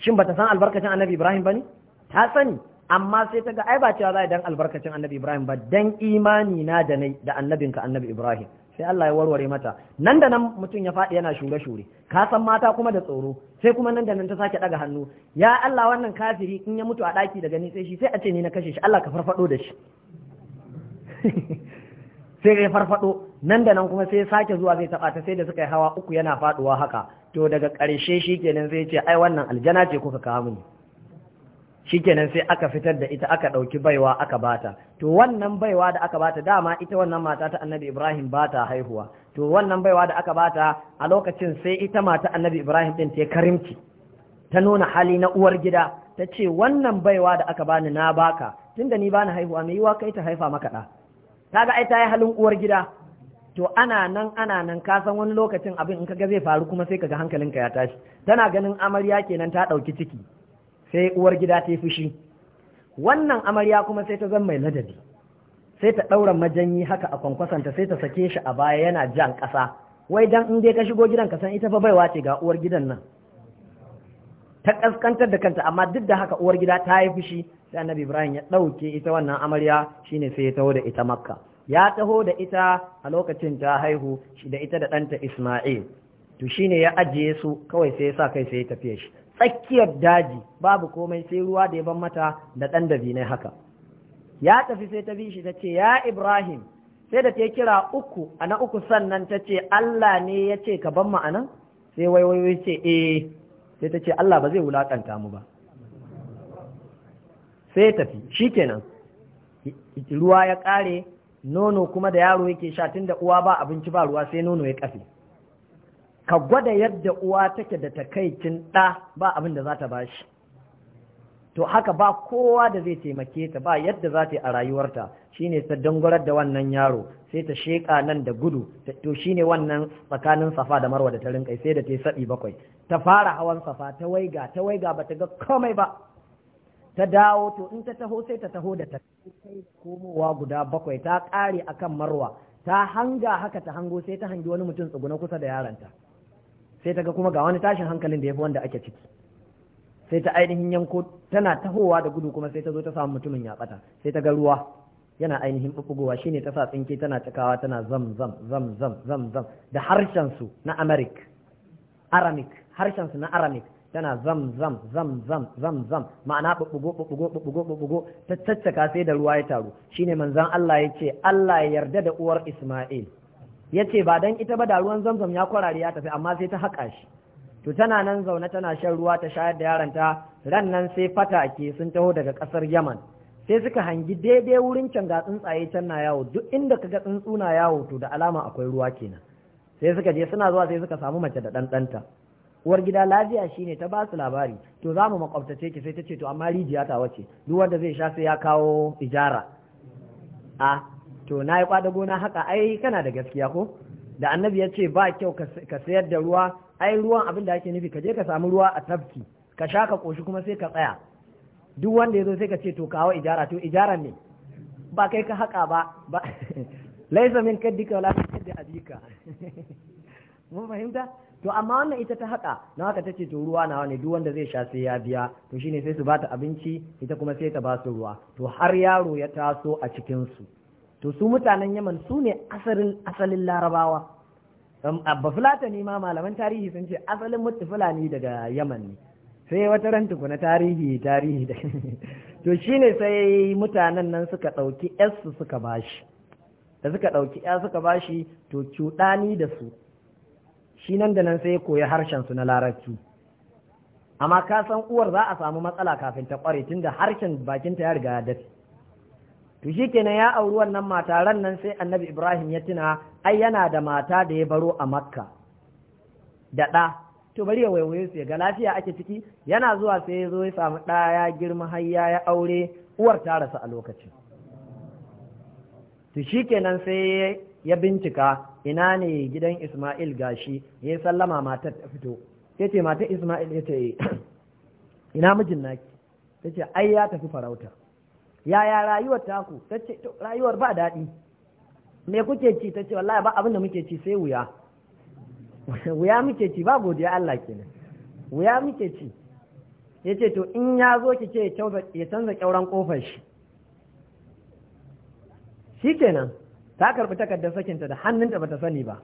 shin bata san albarkacin annabi Ibrahim ba ne ta sani amma sai ta ga ai ba cewa za a dan albarkacin annabi Ibrahim ba dan imani na da nai da annabinka annabi Ibrahim sai Allah ya warware mata nan da nan mutum ya faɗi yana shure shure ka san mata kuma da tsoro sai kuma nan da nan ta sake daga hannu ya Allah wannan kafiri in ya mutu a ɗaki daga ni sai shi sai a ce ni na kashe shi Allah ka farfado da shi sai ya farfado nan da nan kuma sai sake zuwa zai taba ta sai da suka yi hawa uku yana faduwa haka to daga ƙarshe shikenan sai ya ce ai wannan aljana ce kuka kawo mini shikenan sai aka fitar da ita aka ɗauki baiwa aka bata to wannan baiwa da aka bata dama ita wannan mata ta annabi ibrahim bata haihuwa to wannan baiwa da aka bata a lokacin sai ita mata annabi ibrahim ɗin ta karimci ta nuna hali na uwar gida ta ce wannan baiwa da aka bani na baka tunda ni bani haihuwa mai yiwa kai ta haifa maka ɗa ga ai ta yi halin uwar gida to ana nan ana nan ka san wani lokacin abin in ka ga zai faru kuma sai kaga hankalinka ya tashi tana ganin amarya kenan ta ɗauki ciki sai uwar gida ta yi fushi wannan amarya kuma sai ta zama mai ladabi sai ta ɗaura majanyi haka a kwankwasanta sai ta sake shi a baya yana jan ƙasa wai dan in dai ka shigo gidan ka san ita fa baiwa ce ga uwar gidan nan ta ƙasƙantar da kanta amma duk da haka uwar gida ta yi fushi sai annabi ibrahim ya ɗauke ita wannan amarya shine sai ya taho da ita makka ya taho da ita a lokacin ta haihu da ita da ɗanta isma'il to shine ya ajiye su kawai sai ya sa kai sai ya tafiye shi tsakiyar daji babu komai sai ruwa da ya ban mata da ɗan dabinai haka ya tafi sai ta bi shi ta ce ya ibrahim sai da ta kira uku a na uku sannan ta ce allah ne ya ce ka ban anan sai wai wai ce eh sai ta ce allah ba zai wulakanta mu ba sai tafi shikenan ruwa ya ƙare nono kuma da yaro yake sha tun da uwa ba abinci ba ruwa sai nono ya kafe ka gwada yadda uwa take da takaicin ɗa ba abin da za ta ba shi to haka ba kowa da zai taimake ta ba yadda za ta yi a rayuwarta shine ta dangwarar da wannan yaro sai ta sheƙa nan da gudu to shine wannan tsakanin safa da marwa da ta rinkai sai da ta yi saɓi bakwai ta fara hawan safa ta waiga ta waiga ba ta ga komai ba ta dawo to in ta taho sai ta taho da ta kai komowa guda bakwai ta ƙare akan marwa ta hanga haka ta hango sai ta hangi wani mutum tsuguna kusa da yaranta sai ta ga kuma ga wani tashin hankalin da ya fi wanda ake ciki sai ta ainihin yanko tana tahowa da gudu kuma sai ta zo ta samu mutumin ya bata sai ta ga ruwa yana ainihin bubugowa shine ta sa tsinke tana cikawa tana zam zam zam zam zam zam da harshen su na Amerik Aramik harshen su na Aramik tana zam zam zam zam zam zam ma'ana ɓuɓɓugo-ɓuɓɓugo-ɓuɓɓugo-ɓuɓɓugo, ta caccaka sai da ruwa ya taru shine manzon Allah ya ce Allah ya yarda da uwar Isma'il ya ce ba dan ita ba da ruwan zamzam ya kwarare ya tafi amma sai ta haƙa shi to tana nan zaune tana shan ruwa ta shayar da yaranta ran nan sai fata ke sun taho daga ƙasar yaman sai suka hangi daidai wurin can ga tsuntsaye can na yawo duk inda kaga tsuntsu na yawo to da alama akwai ruwa kenan sai suka je suna zuwa sai suka samu mace da ɗanɗanta uwar gida lafiya shine ta ba su labari to za mu makwabtace ki sai ta ce to amma rijiya ta wace duk wanda zai sha sai ya kawo ijara a to na yi kwada gona haka ai kana da gaskiya ko da annabi ya ce ba kyau ka sayar da ruwa ai ruwan abin da ake nufi ka je ka samu ruwa a tafki ka sha ka ƙoshi kuma sai ka tsaya duk wanda ya zo sai ka ce to kawo ijara to ijara ne ba kai ka haƙa ba laisa min kaddika wala min kaddi abika mun fahimta to amma wannan ita ta haka na haka tace to ruwa nawa ne duk wanda zai sha sai ya biya to shine sai su bata abinci ita kuma sai ta ba su ruwa to har yaro ya taso a cikin su to su mutanen yaman su ne asalin larabawa abba ne ma malaman tarihi sun ce asalin mutu fulani daga yaman ne sai wata ran na tarihi tarihi da to shine sai mutanen nan suka ɗauki su suka bashi da suka ɗauki ya suka bashi to cuɗani da su shi nan da nan sai ya koyi harshen su na larabci amma ka san uwar za a samu matsala kafin ta ƙware tunda harshen bakinta ya riga ya dace to shi kenan ya auri wannan mata ran nan sai annabi ibrahim ya tuna ai yana da mata da ya baro a makka da ɗa to bari ya waiwaye su ga lafiya ake ciki yana zuwa sai ya zo ya samu ɗa ya girma har ya ya aure uwar ta rasu a lokacin to shi kenan sai ya bincika ina ne gidan Ismail gashi ya sallama matar ta fito ya ce matar Ismail ya ce eh, ina mijin naki ta ce ai ya tafi farauta yaya rayuwar taku ta ce rayuwar ba daɗi me kuke ci ta ce wallahi ba abin da muke ci sai wuya wuya muke ci ba godiya Allah kenan wuya muke ci ya ce to in ya zo ki ce ya canza kyauran kofar shi shi kenan ta karɓi takardar sakinta da hannunta bata sani ba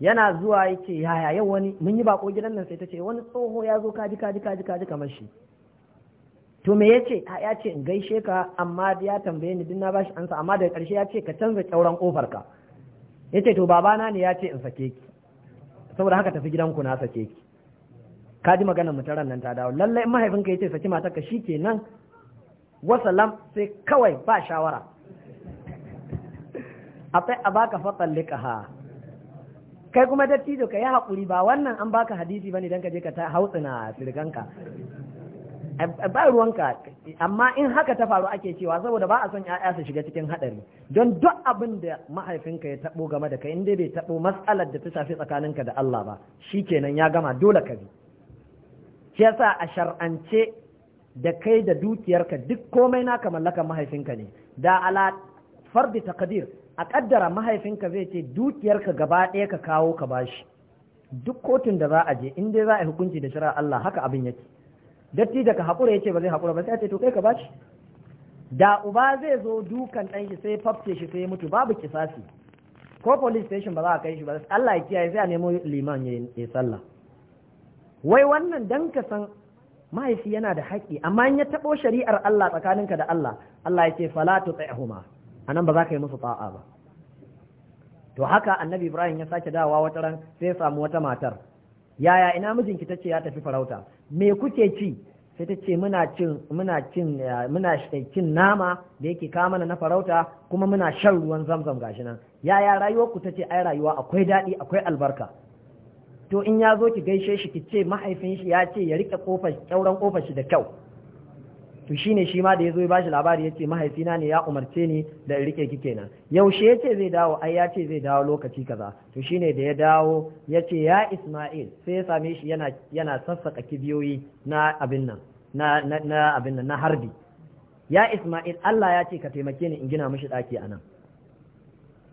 yana zuwa ya ce yaya yau wani mun yi bako gidan nan sai ta ce wani tsoho ya zo kaji kaji kaji kaji kamar shi to me ya ce ya ce in gaishe ka amma ya tambaye ni duk na bashi ansa amma daga ƙarshe ya ce ka canza ƙyauren ƙofar ka ya ce to babana ne ya ce in sake ki saboda haka tafi gidanku na sake ki ka ji maganar mutaran nan ta dawo lallai in mahaifinka ya ce saki ka shi ke nan wasalam sai kawai ba shawara a a baka fatsallika ha kai kuma dattijo ka yi haƙuri ba wannan an baka hadisi ba ne don ka je ka hautsina sirganka ba ruwanka amma in haka ta faru ake cewa saboda ba a son ya'ya su shiga cikin hadari don duk abin da mahaifinka ya tabo game da kai in bai taɓo matsalar da ta shafi tsakaninka da Allah ba shi kenan ya gama dole ka bi shi yasa a shar'ance da kai da dukiyarka duk komai naka mallaka mahaifinka ne da ala fardi taqdir a kaddara mahaifinka zai ce dukiyarka gaba ɗaya ka kawo ka bashi duk kotun da za a je in dai za a hukunci da shari'a Allah haka abin yake datti daga haƙura ya ce ba zai haƙura ba sai a ce to kai ka bashi da uba zai zo dukan ɗan shi sai fafce shi sai mutu babu kisasi ko police station ba za a kai shi ba Allah ya kiyaye sai a nemo liman ya sallah wai wannan dan ka san mahaifi yana da haƙƙi amma in ya taɓo shari'ar Allah tsakaninka da Allah Allah ya ce fala tuti'huma anan ba za ka yi musu ta'a ba to haka annabi Ibrahim ya sake dawowa wata ran sai ya samu wata matar yaya ina mijinki tace ya tafi farauta me kuke ci sai ta ce muna cin muna cin eh, muna cin nama da yake kawo mana na farauta kuma muna shan ruwan zamzam gashi nan yaya rayuwar ku tace ai rayuwa akwai daɗi akwai albarka to in ya zo ki gaishe shi ki ce mahaifin shi ya ce ya rike kofar kyauran kofar shi da kyau to shine shi ma da ya zo ya bashi labari ya ce mahaifina ne ya umarce ni da in rike ki kenan yaushe ya ce zai dawo ai ya ce zai dawo lokaci kaza to shine da ya dawo ya ce ya isma'il sai ya same shi yana yana sassaka kibiyoyi na abin nan na na abin nan na harbi ya isma'il Allah ya ce ka taimake ni in gina mishi daki anan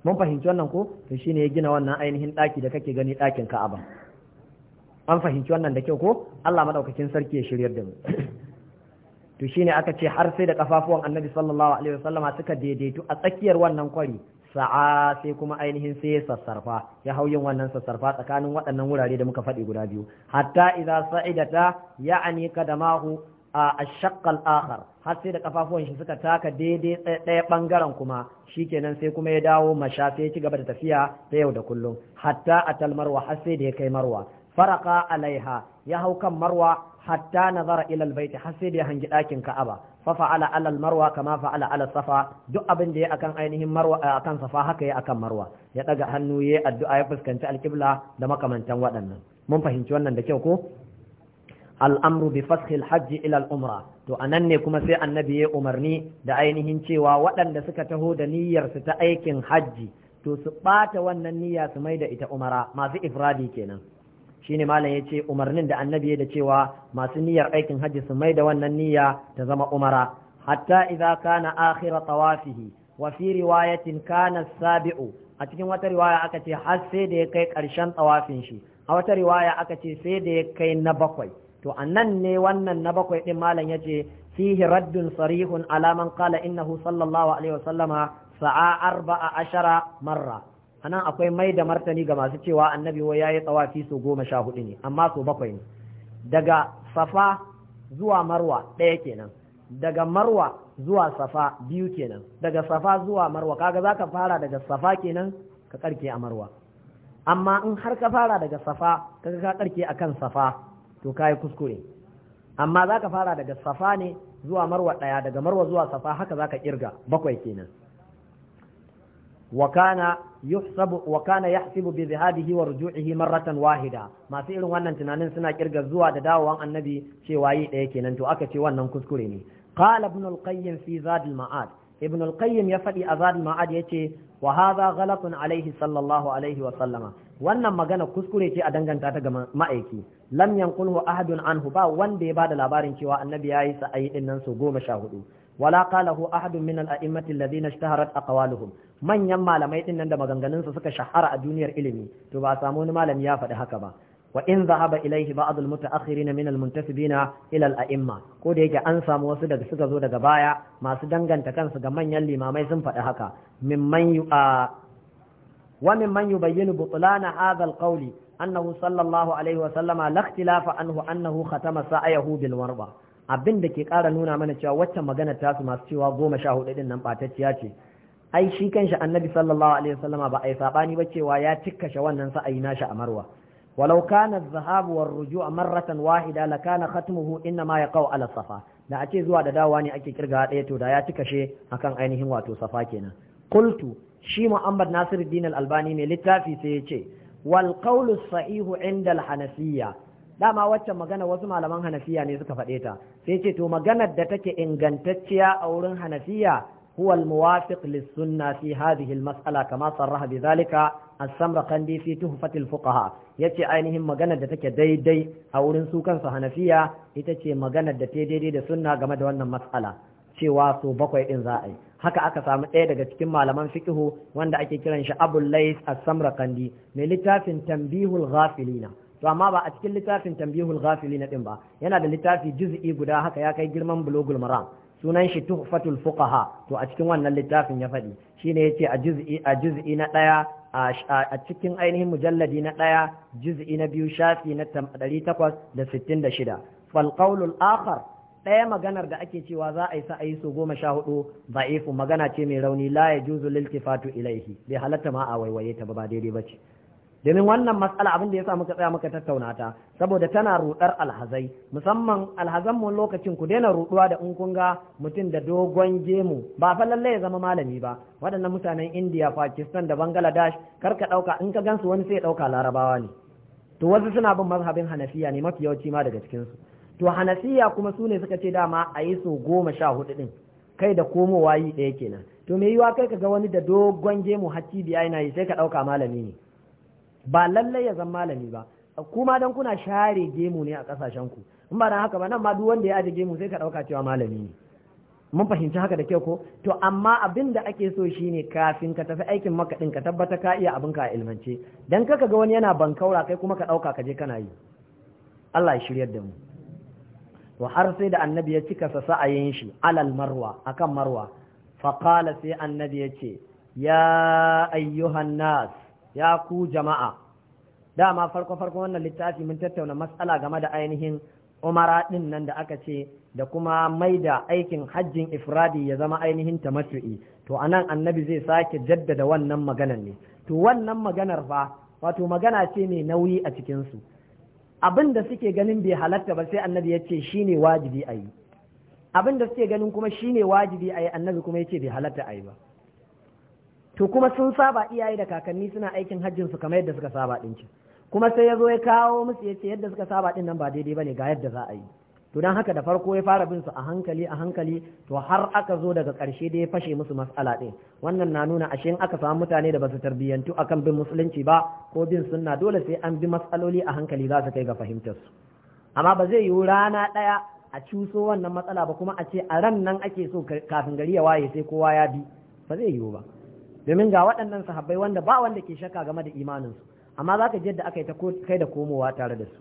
mun fahimci wannan ko to shine ya gina wannan ainihin daki da kake gani dakin Ka'aba an fahimci wannan da kyau ko Allah madaukakin sarki ya shiryar da mu to shine aka ce har sai da kafafuwan annabi sallallahu alaihi wasallama suka daidaitu a tsakiyar wannan kwari sa'a sai kuma ainihin sai ya sassarfa ya hau yin wannan sassarfa tsakanin waɗannan wurare da muka faɗi guda biyu hatta idza sa'idata ya'ani kadamahu a ashaqqal akhar har sai da kafafuwan shi suka taka daidai ɗaya bangaren kuma shikenan sai kuma ya dawo masha sai ya ci gaba da tafiya ta yau da kullum hatta atal marwa har sai da ya kai marwa faraka alaiha ya hau kan marwa hatta nazara ilal baiti har sai da ya hangi ɗakin Ka'aba fa fa'ala alal marwa kama fa'ala ala safa duk abin da ya akan ainihin marwa eh, akan safa haka ya akan marwa ya daga hannu ya addu'a ya fuskanci alƙibla da makamantan waɗannan mun fahimci wannan da kyau ko al'amru bi fashil hajji ilal umra to a nan ne kuma sai annabi ya umarni da ainihin cewa waɗanda suka taho da niyyarsu ta aikin hajji to su ɓata wannan niyya su mai da ita umara masu ifradi kenan shine malam ya ce umarnin da annabi ya da cewa masu niyyar aikin hajji su mai da wannan niyya ta zama umara hatta idza kana akhira tawafihi wa fi riwayatin kana sabi'u a cikin wata riwaya aka ce har sai da ya kai karshen tawafin shi a wata riwaya aka ce sai da ya kai na bakwai to annan ne wannan na bakwai din malam ya ce fihi raddun sarihun alaman qala innahu sallallahu alaihi sallama sa'a arba'a ashara marra anan akwai mai da martani ga masu cewa annabi wai yayi tsawafi so goma sha hudu ne amma so bakwai ne daga safa zuwa marwa ɗaya kenan daga marwa zuwa safa biyu kenan daga safa zuwa marwa kaga zaka fara daga safa kenan ka karke a marwa amma in har ka fara daga safa kaga ka karke akan safa to kai kuskure amma zaka fara daga safa ne zuwa marwa ɗaya daga marwa zuwa safa haka zaka kirga bakwai kenan wa kana yuhsabu wa kana yahsibu bi dhahadihi wa ruju'ihi wahida masu irin wannan tunanin suna kirga zuwa da dawowan annabi cewa yi ɗaya kenan to aka ce wannan kuskure ne qala ibn al-qayyim fi zad maad ibn qayyim ya faɗi a zad maad yace wa hadha ghalatun alayhi sallallahu alaihi wa sallama wannan magana kuskure ce a danganta ta ga ma'aiki lam yanqulhu ahadun anhu ba wanda ya bada labarin cewa annabi ya yayi sa'ayi din nan so goma sha hudu wala qalahu ahadun min al-a'immati alladhina ishtaharat aqwaluhum manyan malamai din nan da maganganun su suka shahara a duniyar ilimi to ba samu wani malami ya faɗi haka ba wa in zahaba ilaihi ba'd al-mutaakhirin min al-muntasibina ila al-a'imma ko da yake an samu wasu daga suka zo daga baya masu danganta kansu ga manyan limamai sun faɗi haka mimman yu wa mimman yubayyinu butlana hadha al-qawli annahu sallallahu alaihi wa sallama la ikhtilafa anhu annahu khatama sa'ayahu bil marba abin da ke ƙara nuna mana cewa waccan magana ta su masu cewa goma sha hudu din nan ɓatacciya ce ai shi kanshi annabi sallallahu alaihi wasallama ba a yi saɓani ba cewa ya tikkashe wannan sa'ayi nashi a marwa walau kana zahabu war ruju'a marratan wahida la kana khatmuhu inna ma yaqau ala safa da a ce zuwa da dawa ne ake kirga ɗaya to da ya tikkashe akan ainihin wato safa kenan qultu shi muhammad nasiruddin al-albani mai littafi sai ya ce wal qawlu sahihu inda al-hanafiyya dama waccan magana wasu malaman hanafiya ne suka faɗe ta sai ce to maganar da take ingantacciya a wurin hanafiya huwa al-muwafiq lis-sunna fi hadhihi al-mas'ala kama sarraha bi dhalika as-samarqandi fi tuhfat al-fuqaha yace ainihin maganar da take daidai a wurin su kansu hanafiya ita ce maganar da ta daidai da sunna game da wannan mas'ala cewa so bakwai din za a yi haka aka samu ɗaya daga cikin malaman fiqhu wanda ake kiran shi Abul Lays as-Samarqandi mai littafin Tanbihul Ghafilina to amma ba a cikin littafin tambihul ghafili na din ba yana da littafi juz'i guda haka ya kai girman bulugul maram sunan shi tuhfatul fuqaha to a cikin wannan littafin ya faɗi shine yace a juz'i a juz'i na ɗaya a cikin ainihin mujalladi na ɗaya juz'i na biyu shafi na 866 fal qawlul akhar ɗaya maganar da ake cewa za a yi sa a yi so goma sha hudu za'ifu magana ce mai rauni la ya juzu liltifatu ilaihi bai halatta ma a waiwaye ta ba ba daidai ba ce domin wannan matsala abin da ya sa muka tsaya muka tattauna ta saboda tana rudar alhazai musamman alhazan mu lokacin ku daina ruduwa da in kun ga mutum da dogon gemu ba fa lalle ya zama malami ba waɗannan mutanen India Pakistan da Bangladesh kar ka dauka in ka gansu wani sai ya dauka larabawa ne to wasu suna bin mazhabin Hanafiya ne mafi yawanci ma daga cikin su to Hanafiya kuma su ne suka ce dama a yi so goma sha hudu din kai da komowa yi ɗaya kenan to me yiwa kai ka ga wani da dogon gemu hacci biya yana yi sai ka ɗauka malami ne ba lallai ya zan malami ba kuma dan kuna share gemu ne a kasashen ku in ba dan haka ba nan ma duk wanda ya aje gemu sai ka ɗauka cewa malami ne mun fahimci haka da kyau ko to amma abin da ake so shine kafin ka tafi aikin maka ɗin ka tabbata ka iya abin ka ilmance dan kaka ga wani yana bankaura kai kuma ka ɗauka ka je kana yi Allah ya shiryar da mu to har sai da annabi ya cika sa sa'ayin shi alal marwa akan marwa qala sai annabi ya ce ya ayyuhan nas ya ku jama'a dama farko farko wannan littafi mun tattauna matsala game da ainihin umara din nan da aka ce da kuma mai da aikin hajjin ifradi ya zama ainihin tamattu'i to anan annabi zai sake jaddada wannan maganar ne to wannan maganar fa wato magana ce mai nauyi a cikinsu abin da suke ganin bai halatta ba sai annabi ya ce shi wajibi a yi abin da suke ganin kuma shi ne wajibi a yi annabi kuma ya ce bai halatta a yi ba to kuma sun saba iyaye da kakanni suna aikin hajjin su kamar yadda suka saba din ci kuma sai ya zo ya kawo musu ya ce yadda suka saba din nan ba daidai bane ga yadda za a yi to dan haka da farko ya fara bin su a hankali a hankali to har aka zo daga karshe da ya fashe musu mas'ala din wannan na nuna ashe in aka samu mutane da basu tarbiyyantu akan bin musulunci ba ko bin sunna dole sai an bi matsaloli a hankali za su kai ga fahimtar su amma ba zai yiwu rana daya a cuso wannan matsala ba kuma a ce a ran nan ake so kafin gari ya waye sai kowa ya bi ba zai yiwu ba domin ga waɗannan sahabbai wanda ba wanda ke shaka game da imaninsu amma za ka ji yadda aka yi ta kai da komowa tare da su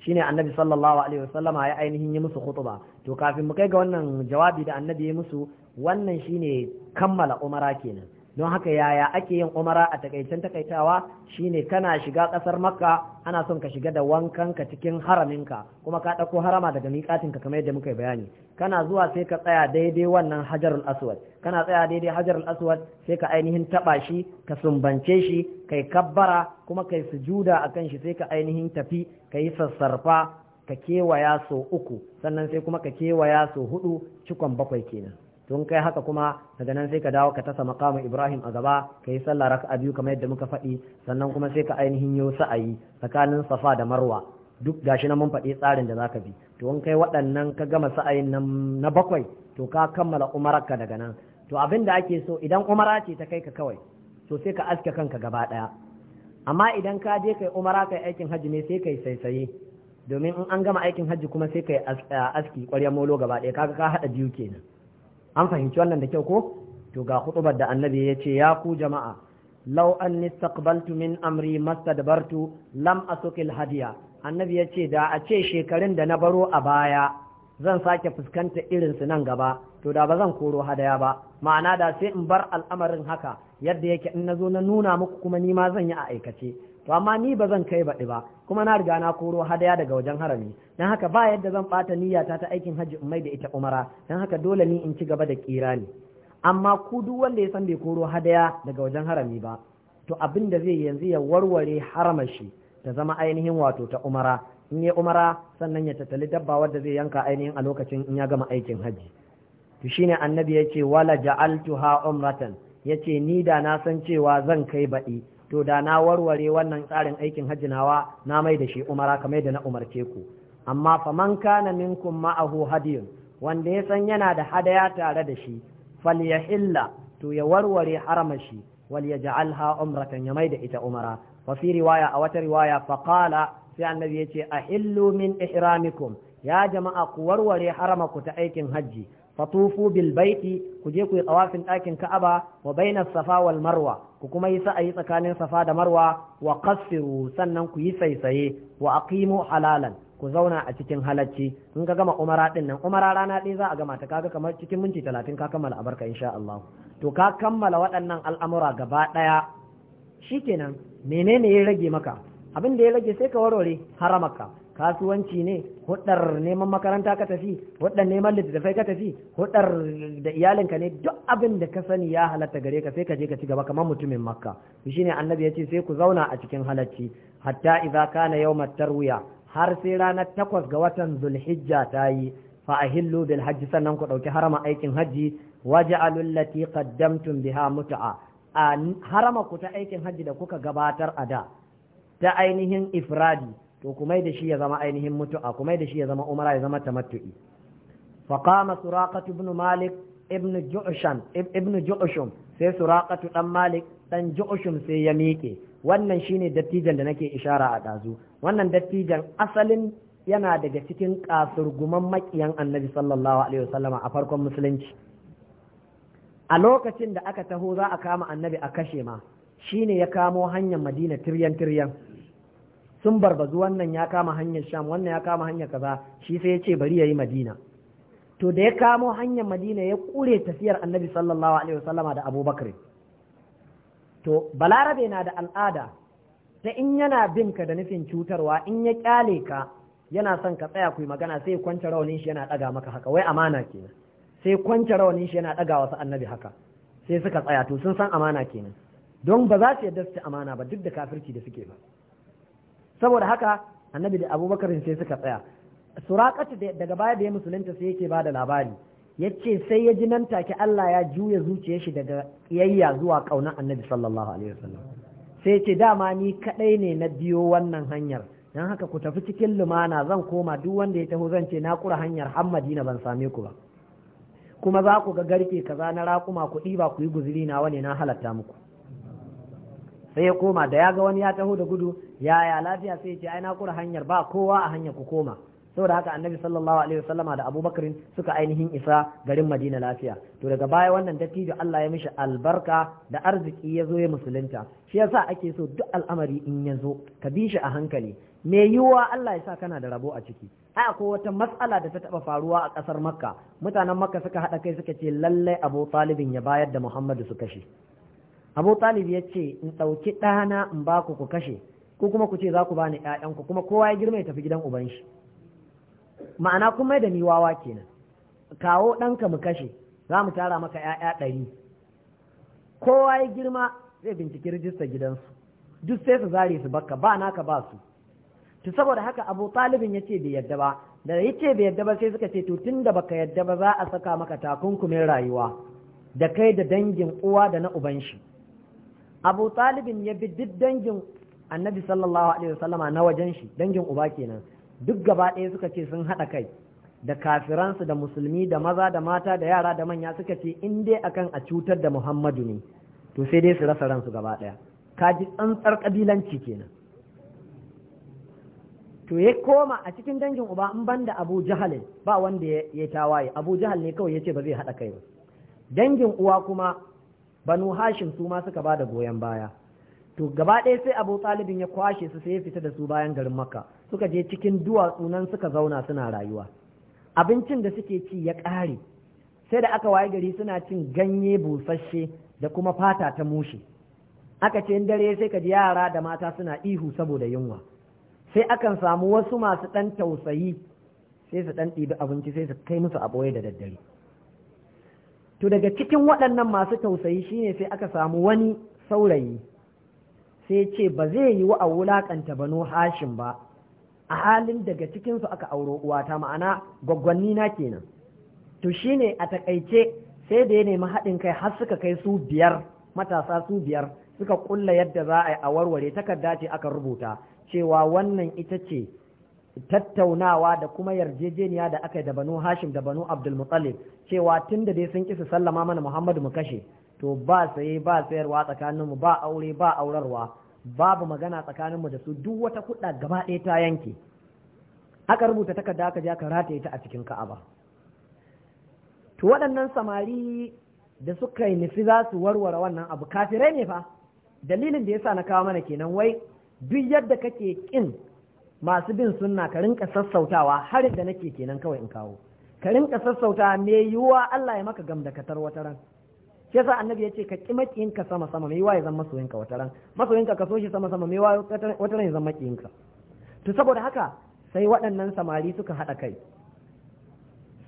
shine annabi sallallahu alaihi wasallama ya ainihin yi musu khutba to kafin mu kai ga wannan jawabi da annabi ya musu wannan shine kammala umara kenan don haka yaya ake yin umara a takaicen takaitawa shine kana shiga kasar makka ana son ka shiga da wankan ka cikin haraminka kuma ka ɗauko harama daga miƙatinka kamar yadda muka yi bayani kana zuwa sai ka tsaya daidai wannan hajarul aswad kana tsaya daidai hajarul aswad sai ka ainihin taɓa shi ka sumbance shi kai kabbara kuma kai sujuda akan shi sai ka ainihin tafi ka yi sassarfa ka kewaya so uku sannan sai kuma ka kewaya so hudu cikon bakwai kenan tun kai haka kuma daga nan sai ka dawo ka tasa makamin ibrahim a gaba ka yi sallah raka'a biyu kamar yadda muka faɗi sannan kuma sai ka ainihin yi sa'ayi tsakanin safa da marwa duk gashi na mun faɗi tsarin da zaka bi to in kai waɗannan ka gama sa'ayin nan na bakwai to ka kammala umararka daga nan to abin da ake so idan umara ce ta kai ka kawai to sai ka aske kanka gaba ɗaya amma idan ka je kai umara kai aikin hajji ne sai kai saisaye domin in an gama aikin hajji kuma sai kai aski ƙwarya molo gaba ɗaya kaga ka haɗa biyu kenan an fahimci wannan da kyau ko to ga hutubar da annabi ya ce ya ku jama'a law anni taqbaltu min amri mastadbartu lam asukil hadiya annabi ya ce da a ce shekarun da na baro a baya zan sake fuskanta irin su nan gaba to da ba zan koro hadaya ba ma'ana da sai in bar al'amarin haka yadda yake in nazo na nuna muku kuma ni ma zan yi a aikace to amma ni ba zan kai baɗi ba kuma na riga na koro hadaya daga wajen harami don haka ba yadda zan ɓata niyyata ta aikin hajji in mai da ita umara don haka dole ni in ci gaba da ne. amma ku duk wanda ya san bai koro hadaya daga wajen harami ba to abin da zai yanzu ya warware haramar shi ta zama ainihin wato ta umara in ya umara sannan ya tattali dabba wadda zai yanka ainihin a lokacin in ya gama aikin hajji to shine annabi yace wala ja'altuha umratan yace ni da na san cewa zan kai baɗi to da na warware wannan tsarin aikin hajji nawa na mai da shi umara kamar da na umarce ku amma fa man kana minkum ma'ahu hadiyun wanda ya san yana da hadaya tare da shi falyahilla to ya warware harama shi wal yaj'alha umratan ya mai da ita umara wa fi riwaya a wata riwaya faqala sai annabi yace ahillu min ihramikum ya jama'a ku warware harama ku ta aikin hajji fatufu bil baiti ku je ku yi tsawafin ɗakin ka'aba wa bainas safa wal marwa ku kuma yi sa'ayi tsakanin safa da marwa wa qasiru sannan ku yi saisaye wa aqimu halalan ku zauna a cikin halacci in ka gama umara din nan umara rana ɗaya za a gama ta kaga kamar cikin minti talatin ka kammala abarka insha Allah to ka kammala waɗannan al'amura gaba ɗaya shikenan menene ya rage maka abin da ya rage sai ka warware haramaka kasuwanci ne hudar neman makaranta ka tafi hudar neman littattafai ka tafi hudar da iyalinka ne duk abin da ka sani ya halatta gare ka sai ka je ka ci gaba kamar mutumin makka shine annabi ya ce sai ku zauna a cikin halacci hatta idza kana yawmat tarwiya har sai ranar takwas ga watan zulhijja ta yi fa ahillu bil hajji sannan ku dauki harama aikin hajji waj'alul lati qaddamtum biha mut'a harama ku ta aikin hajji da kuka gabatar a da ta ainihin ifradi to kuma da shi ya zama ainihin mutu'a kuma da shi ya zama umara ya zama tamattu'i fa qama ibn malik ibn ju'shan ibn ju'shum sai suraqatu dan malik dan ju'shum sai ya miƙe wannan shine dattijan da nake ishara a dazu wannan dattijan asalin yana daga cikin kasurguman makiyan annabi sallallahu alaihi wasallama a farkon musulunci a lokacin da aka taho za a kama annabi a kashe ma shine ya kamo hanyar madina tiryan tiryan sun barbazu wannan ya kama hanyar sham wannan ya kama hanyar kaza shi sai ya ce bari ya yi madina to da ya kamo hanyar madina ya kure tafiyar annabi sallallahu alaihi wasallama da abubakar to balarabe na da al'ada ta in yana bin ka da nufin cutarwa in ya kyale ka yana son ka tsaya kuyi magana sai kwance rawanin shi yana daga maka haka wai amana kenan sai kwance rawanin shi yana daga wasu annabi haka sai suka tsaya to sun san amana kenan don ba za su yarda su ci amana ba duk da kafirci da suke ba saboda haka annabi da abubakar sai suka tsaya suraƙatu daga baya da ya musulunta sai yake bada labari yace sai ya ji nan take Allah ya juya zuciyar shi daga kiyayya zuwa ƙaunar annabi sallallahu alaihi wasallam sai ce dama ni kadai ne na biyo wannan hanyar don haka ku tafi cikin lumana zan koma duk wanda ya taho zan ce na kura hanyar har madina ban same ku ba kuma za ku ga garke kaza na raƙuma ku ɗiba ku yi guzuri na wane na halatta muku sai ya koma da ya ga wani ya taho da gudu ya yaya lafiya sai ya ce ai na kura hanyar ba kowa a hanyar ku koma saboda haka annabi sallallahu alaihi wasallama da Abubakar suka ainihin isa garin madina lafiya to daga baya wannan dattijo Allah ya mishi albarka da arziki ya zo ya musulunta shi yasa ake so duk al'amari in ya zo ka bi shi a hankali me yiwuwa Allah ya sa kana da rabo a ciki ai akwai wata matsala da ta taba faruwa a kasar makka mutanen makka suka haɗa kai suka ce lallai abu talibin ya bayar da muhammadu su kashe abu talib ya ce in ɗauki ɗana in ba ku ku kashe ko kuma ku ce za ku bani ƴaƴanku kuma kowa ya girma ya tafi gidan uban shi ma'ana kuma da ni wawa kenan kawo ɗanka mu kashe za mu tara maka ƴaƴa ɗari kowa ya girma zai binciki rijistar gidansu duk sai su zare su bakka ba naka ba su to saboda haka abu talibin ya ce bai yadda ba da ya ce bai yadda ba sai suka ce to tun da baka yadda ba za a saka maka takunkumin rayuwa da kai da dangin uwa da na uban shi abu talibin ya bi duk dangin annabi sallallahu alaihi wasallama na wajen shi dangin uba kenan duk gaba ɗaya suka ce sun haɗa kai da kafiransu da musulmi da maza da mata da yara da manya suka ce in dai akan a cutar da muhammadu ne to sai dai su rasa ransu gaba ɗaya ka ji tsantsar ƙabilanci kenan to ya koma a cikin dangin uba in banda abu jahal ba wanda ya tawaye abu jahal ne kawai ya ce ba zai haɗa kai ba dangin uwa kuma banu hashim su ma suka bada goyon baya to gaba ɗaya sai abu talibin ya kwashe su sai ya fita da su bayan garin makka suka je cikin duwatsu nan suka zauna suna rayuwa abincin da suke ci ya ƙare sai da aka waye gari suna cin ganye busasshe da kuma fata ta mushe aka ce in dare sai ka ji yara da mata suna ihu saboda yunwa sai akan samu wasu masu ɗan tausayi sai su ɗan ɗibi abinci sai su kai musu a ɓoye da daddare to daga cikin waɗannan masu tausayi shine sai aka samu wani saurayi sai ce ba zai yi wa a wulaƙanta banu hashim ba a halin daga cikinsu aka auro uwata ma'ana gwaggwanni na kenan to shine a takaice sai da ya nemi haɗin kai har suka kai su biyar matasa su biyar suka kulla yadda za a yi a warware takarda ce aka rubuta cewa wannan ita ce tattaunawa da kuma yarjejeniya da aka yi da banu hashim da banu abdulmutsalib cewa tun da dai sun kisa sallama mana muhammadu mu kashe to ba saye ba sayarwa tsakaninmu ba aure ba aurarwa babu magana tsakaninmu da su duk wata kuɗa gaba ɗaya ta yanke aka rubuta takarda aka je aka rataye ta a cikin ka'aba to waɗannan samari da suka yi nufi za su warware wannan abu kafirai ne fa dalilin da yasa na kawo mana kenan wai duk yadda kake kin masu bin sunna ka rinka sassautawa har da nake kenan kawai in kawo ka rinka sassauta me yiwuwa Allah ya maka gamdakatar wata ran shi yasa annabi yace ka ki ka sama sama me yiwuwa ya zama ka wata ran masoyin ka so shi sama sama me yiwuwa wata ran ya zama ka to saboda haka sai waɗannan samari suka haɗa kai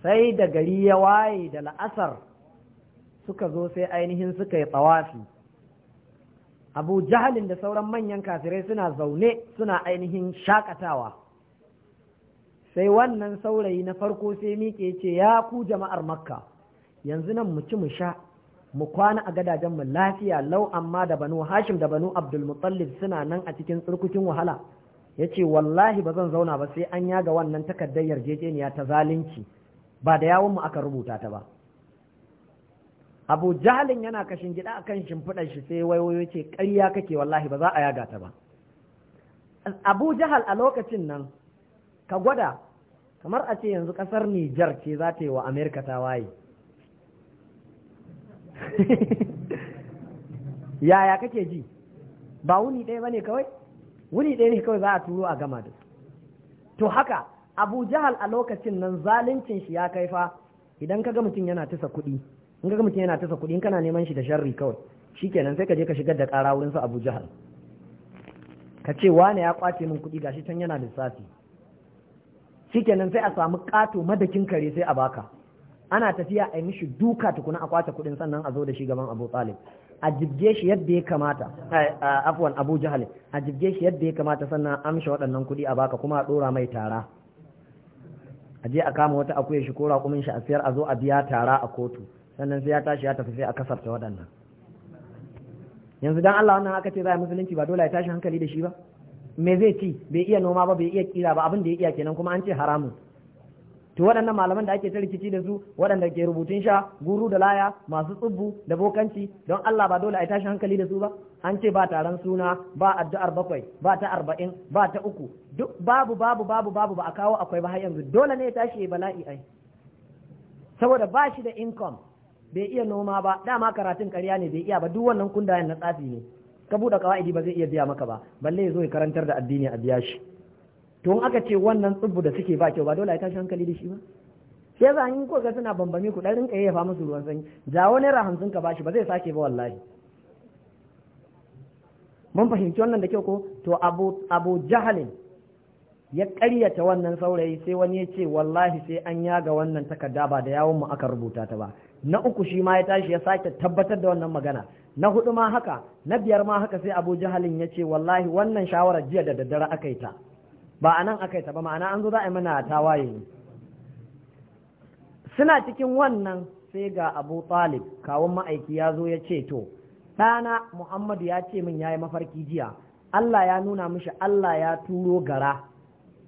sai da gari ya waye da la'asar suka zo sai ainihin suka yi tsawafi abu jahalin da sauran manyan kafirai suna zaune suna ainihin shakatawa sai wannan saurayi na farko sai miƙe ce ya ku jama'ar makka yanzu nan mu ci mu sha mu kwana a gadajenmu lafiya lau amma da banu hashim da banu abdulmutallib suna nan a cikin tsirkukin wahala ya ce wallahi ba zan zauna ba sai an yaga wannan takardar yarjejeniya ta zalunci ba da yawon mu aka rubuta ta ba abu jahalin yana kashin gida a kan shimfiɗar shi sai waiwayo ce ƙarya kake wallahi ba za a yaga ta ba abu jahal a lokacin nan ka gwada kamar a ce yanzu ƙasar nijar ce za ta yi wa amerika ta waye yaya kake ji ba wuni ɗaya ba ne kawai wuni ɗaya ne kawai za a turo a gama da to haka abu jahal a lokacin nan zaluncin shi ya kai fa idan ka ga mutum yana tusa kuɗi in ga mutum yana tasa kuɗi in kana neman shi da sharri kawai shikenan sai ka je ka shigar da ƙara wurin su Abu Jahal ka ce wane ya kwace min kuɗi gashi can yana lissafi shikenan sai a samu ƙato madakin kare sai a baka ana tafiya a yi mishi duka tukuna a kwace kuɗin sannan a zo da shi gaban Abu Talib a jibge shi yadda ya kamata afwan Abu Jahal a jibge shi yadda ya kamata sannan amsha waɗannan kuɗi a baka kuma a ɗora mai tara a je a kama wata akuya shi ko raƙumin shi a siyar a zo a biya tara a kotu sannan sai ya tashi ya tafi sai a kasarta waɗannan yanzu dan Allah wannan aka ce za a musulunci ba dole ya tashi hankali da shi ba me zai ci bai iya noma ba bai iya kira ba abin da ya iya kenan kuma an ce haramun to waɗannan malaman da ake ta rikici da su waɗanda ke rubutun sha guru da laya masu tsubbu da bokanci don Allah ba dole a tashi hankali da su ba an ce ba taron suna ba addu'ar bakwai ba ta arba'in ba ta uku duk babu babu babu babu ba a kawo akwai ba har yanzu dole ne ya tashi ya bala'i ai saboda ba shi da income bai iya noma ba dama karatun ƙarya ne bai iya ba duk wannan kundayen na tsafi ne ka buɗe kawa'idi ba zai iya biya maka ba balle ya zo ya karantar da addini a biya shi to in aka ce wannan tsubbu da suke ba kyau ba dole ya tashi hankali da shi ba sai yasa in ko ga suna bambame ku dan rinka yayyafa musu ruwan sanyi jawo naira hamsin ka bashi ba zai sake ba wallahi mun fahimci wannan da kyau ko to abu abu jahalin ya ƙaryata wannan saurayi sai wani ya ce wallahi sai an yaga wannan takarda ba da yawon mu aka rubuta ta ba na uku shi ma ya tashi ya sake tabbatar da wannan magana na hudu ma haka na biyar ma haka sai abu jahalin ya ce wallahi wannan shawarar jiya da daddare aka yi ta ba a nan aka yi ta ba ma'ana an zo za a yi mana tawaye ne suna cikin wannan sai ga abu talib kawun ma'aiki ya zo ya ce to ɗana muhammadu ya ce min ya yi mafarki jiya allah ya nuna mishi allah ya turo gara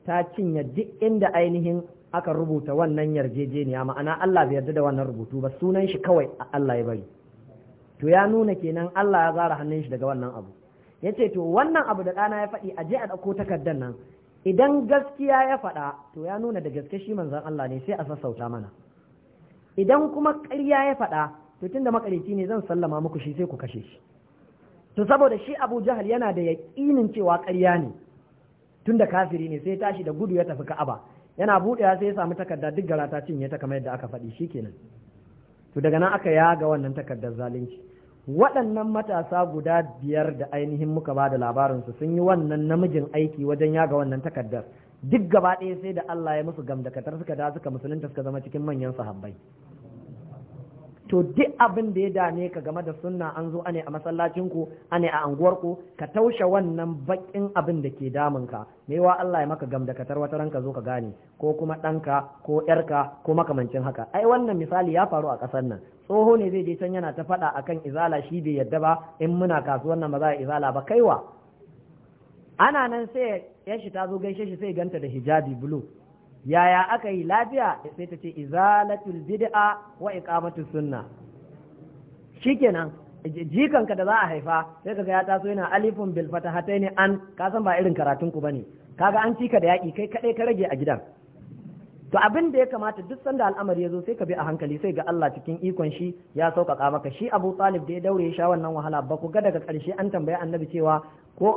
ta cinye duk inda ainihin aka rubuta wannan yarjejeniya ma'ana Allah bai yarda da wannan rubutu ba sunan shi kawai Allah ya bari to ya nuna kenan Allah ya zara hannun shi daga wannan abu ya ce to wannan abu da ɗana ya faɗi a je a ɗauko takardar nan idan gaskiya ya faɗa to ya nuna da gaske shi manzon Allah ne sai a sassauta mana idan kuma ƙarya ya faɗa to tunda makarici ne zan sallama muku shi sai ku kashe shi to saboda shi Abu Jahal yana da yaƙinin cewa ƙarya ne tunda kafiri ne sai tashi da gudu ya tafi Ka'aba yana buɗewa sai ya samu takarda duk garata cinye ta kamar yadda aka faɗi shi kenan, to daga nan aka yaga wannan takardar zalunci waɗannan matasa guda biyar da ainihin muka ba da labarinsu sun yi wannan namijin aiki wajen yaga wannan takardar duk gaba ɗaya sai da Allah ya musu gamdakatar suka da suka musulunta suka zama cikin manyan sahabbai to duk abin da ya dame ka game da sunna an zo ane a masallacin ku ane a anguwar ka taushe wannan bakin abin da ke damun ka wa Allah ya maka gamda katar wata ranka zo ka gane ko kuma ɗanka ko ƴarka ko makamancin haka ai wannan misali ya faru a ƙasar nan tsoho ne zai je can yana ta faɗa akan izala shi bai yadda ba in muna kasuwar nan ba za a izala ba kaiwa ana nan sai shi ta zo gaishe shi sai ganta da hijabi blue yaya aka yi lafiya sai ta ce izalatul bid'a wa iqamatus sunna shikenan jikanka da za a haifa sai kaga ya taso yana alifun bil fatahataini an ka san ba irin karatun ku bane kaga an cika da yaki kai kadai ka rage a gidan to abin da ya kamata duk sanda al'amari ya zo sai ka bi a hankali sai ga Allah cikin ikon shi ya sauƙaƙa maka shi Abu Talib da ya daure ya sha wannan wahala ba ku ga daga ƙarshe an tambaya annabi cewa ko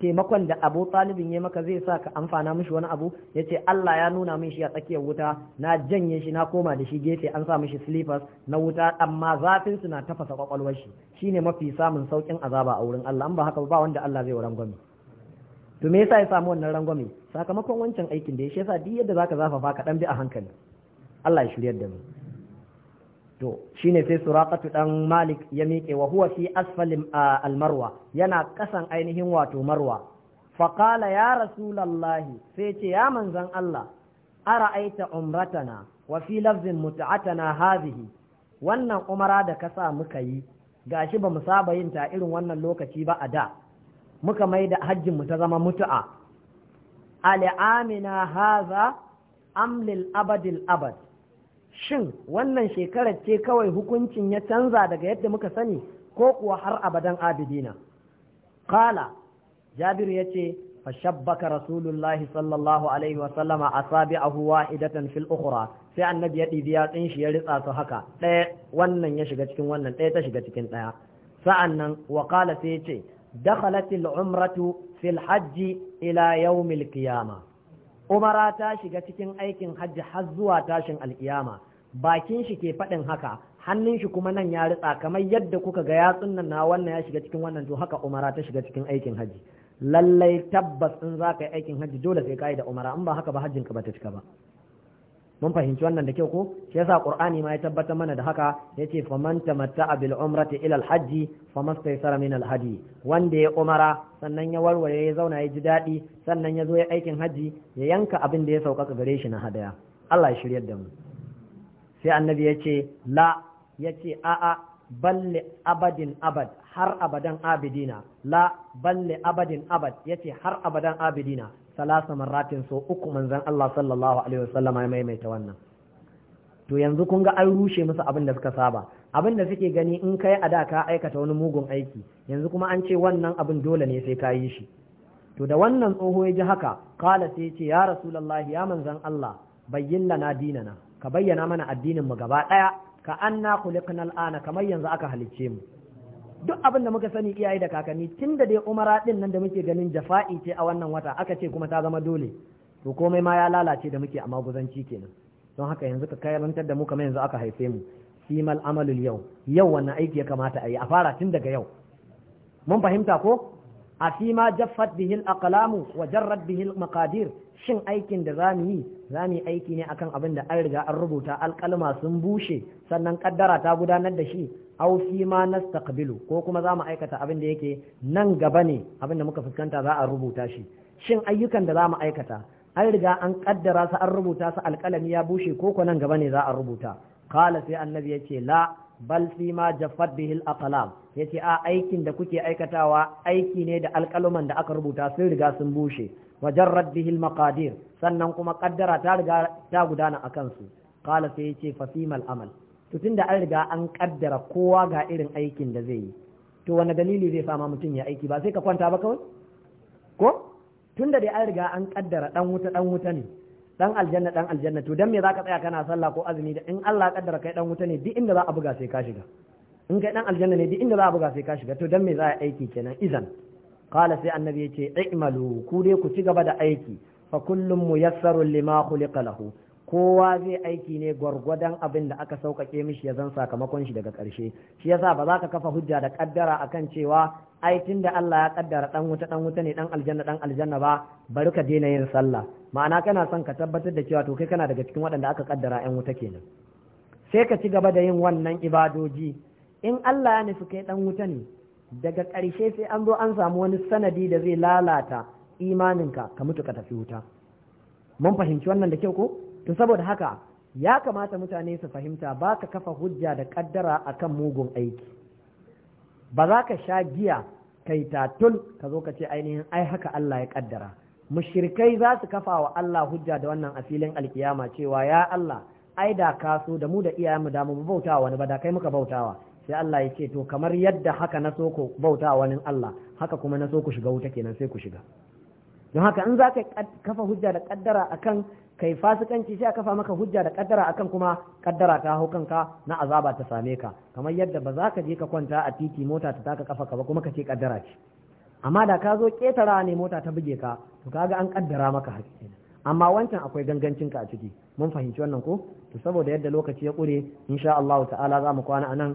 taimakon da abu talibin ya maka zai sa ka amfana mishi wani abu ya ce Allah ya nuna min shi a tsakiyar wuta na janye shi na koma da shi gefe an sa mishi slippers na wuta amma zafin su na tafasa kwakwalwar shi shine mafi samun saukin azaba a wurin Allah an ba haka ba wanda Allah zai rangwame to me yasa ya samu wannan rangwame sakamakon wancan aikin da ya shi yasa duk yadda zaka zafafa ka dan bi a hankali Allah ya shiryar da mu to shine sai suraƙatu ɗan malik ya miƙe wa huwa fi asfalin almarwa yana ƙasan ainihin wato marwa faqala ya rasulallahi sai ce ya manzan Allah Ara aita umratana wa fi lafzin na hazihi wannan umara da ka sa muka yi gashi ba mu saba yin ta irin wannan lokaci ba a da muka mai da hajjin mu ta zama mutu'a al'amina haza amlil abadil abad shin wannan shekarar ce kawai hukuncin ya canza daga yadda muka sani ko kuwa har abadan abidina ya ce fa shabbaka rasulullahi sallallahu alaihi wasallama asabi'ahu wahidatan fil ukhra sai annabi ya ɗibi ya tsin shi ya ritsa su haka ɗaya wannan ya shiga cikin wannan ɗaya ta shiga cikin ɗaya sa'annan wa qala sai yace dakhalatil umratu fil hajji ila yawmil qiyamah umara ta shiga cikin aikin hajji har zuwa tashin alkiyama bakin shi ke faɗin haka hannun shi kuma nan ya ritsa kamar yadda kuka ga yatsun nan na wannan ya shiga cikin wannan to haka umara ta shiga cikin aikin haji lallai tabbas in za ka yi aikin haji dole sai ka yi da umara in ba haka ba hajjin ka ba ta cika ba mun fahimci wannan da kyau ko shi yasa qur'ani ma ya tabbatar mana da haka yace faman tamatta'a bil umrati ila al hajji famastaysara min al hadi wanda ya umara sannan ya warware ya zauna ya ji daɗi, sannan ya zo ya aikin haji ya yanka abin da ya sauƙaƙa gare shi na hadaya Allah ya shiryar da mu sai annabi ya ce la ya ce a'a balle abadin abad har abadan abidina la balle abadin abad ya ce har abadan abidina salasa marratin so uku manzan Allah sallallahu alaihi wasallam ya maimaita wannan to yanzu kun ga an rushe musu abin da suka saba abin da suke gani in kai a da ka aikata wani mugun aiki yanzu kuma an ce wannan abin dole ne sai ka yi shi to da wannan tsoho ya ji haka kala sai ce ya rasulullahi ya manzan Allah bayyin lana dinana ka bayyana mana addinin mu gaba ɗaya. ka anna khuliqna al'ana kamar yanzu aka halicce mu duk abin da muka sani iyaye da kakanni tun da dai umara din nan da muke ganin jafa'i ce a wannan wata aka ce kuma ta zama dole to komai ma ya lalace da muke a maguzanci kenan don haka yanzu ka karantar da mu kamar yanzu aka haife mu simal amalul yau yau wannan aiki ya kamata a yi a fara tun daga yau mun fahimta ko a fima jaffat bihil aqlamu wa jarrat bihil maqadir shin aikin da zamu yi za mu yi aiki ne akan abin da an riga an rubuta alƙalma sun bushe sannan kaddara ta gudanar da shi aw fi ma nastaqbilu ko kuma za mu aikata abin da yake nan gaba ne abin da muka fuskanta za a rubuta shi shin ayyukan da za mu aikata an riga an kaddara su an rubuta su alƙalami ya bushe ko ko nan gaba ne za a rubuta qala sai annabi yace la bal fi ma jaffat bihi al ya ce a aikin da kuke aikatawa aiki ne da alkaloman da aka rubuta sun riga sun bushe wajen bihil maqadir sannan kuma kaddara ta riga ta gudana a kansu kala sai ya ce fasimal amal to da an riga an kaddara kowa ga irin aikin da zai yi to wani dalili zai sama mutum ya aiki ba sai ka kwanta ba kawai ko tunda dai an riga an kaddara dan wuta dan wuta ne dan aljanna dan aljanna to dan me zaka tsaya kana sallah ko azumi da in Allah ya kaddara kai dan wuta ne duk inda za a buga sai ka shiga in ga dan aljanna ne duk inda za a buga sai ka shiga to dan me za a aiki kenan izan? qala sai annabi yace i'malu ku dai ku ci gaba da aiki fa kullum muyassarun lima khuliqa lahu kowa zai aiki ne gwargwadon abin da aka sauƙaƙe mishi ya zan sakamakon shi daga ƙarshe shi yasa ba za ka kafa hujja da ƙaddara akan cewa ai da Allah ya ƙaddara ɗan wuta ɗan wuta ne ɗan aljanna dan aljanna ba bari ka daina yin sallah ma'ana kana son ka tabbatar da cewa to kai kana daga cikin waɗanda aka ƙaddara 'yan wuta kenan sai ka ci gaba da yin wannan ibadoji in Allah ya nufi kai dan wuta ne daga ƙarshe sai an zo an samu wani sanadi da zai lalata imaninka ka mutu ka tafi wuta mun fahimci wannan da kyau ko to saboda haka ya kamata mutane su fahimta ba ka kafa hujja da kaddara akan mugun aiki ba za ka sha giya kai tatul ka zo ka ce ainihin ai haka Allah ya kaddara mushrikai za su kafa wa Allah hujja da wannan asilin alkiyama cewa ya Allah ai da kasu, da mu da iyayenmu da mu bautawa wani ba da kai muka bautawa sai Allah ya ce to kamar yadda haka na so ku bauta a wani Allah haka kuma na so ku shiga wuta kenan sai ku shiga don haka in za ka kafa hujja da kaddara akan kai fasikanci sai a kafa maka hujja da kaddara akan kuma kaddara ta hau kanka na azaba ta same ka kamar yadda ba za ka je ka kwanta a titi mota ta taka kafa ka ba kuma ka ce kaddara ce amma da ka zo ketara ne mota ta buge ka to kaga an kaddara maka hakki amma wancan akwai gangancinka a ciki mun fahimci wannan ko to saboda yadda lokaci ya kure insha Allah ta'ala za mu kwana anan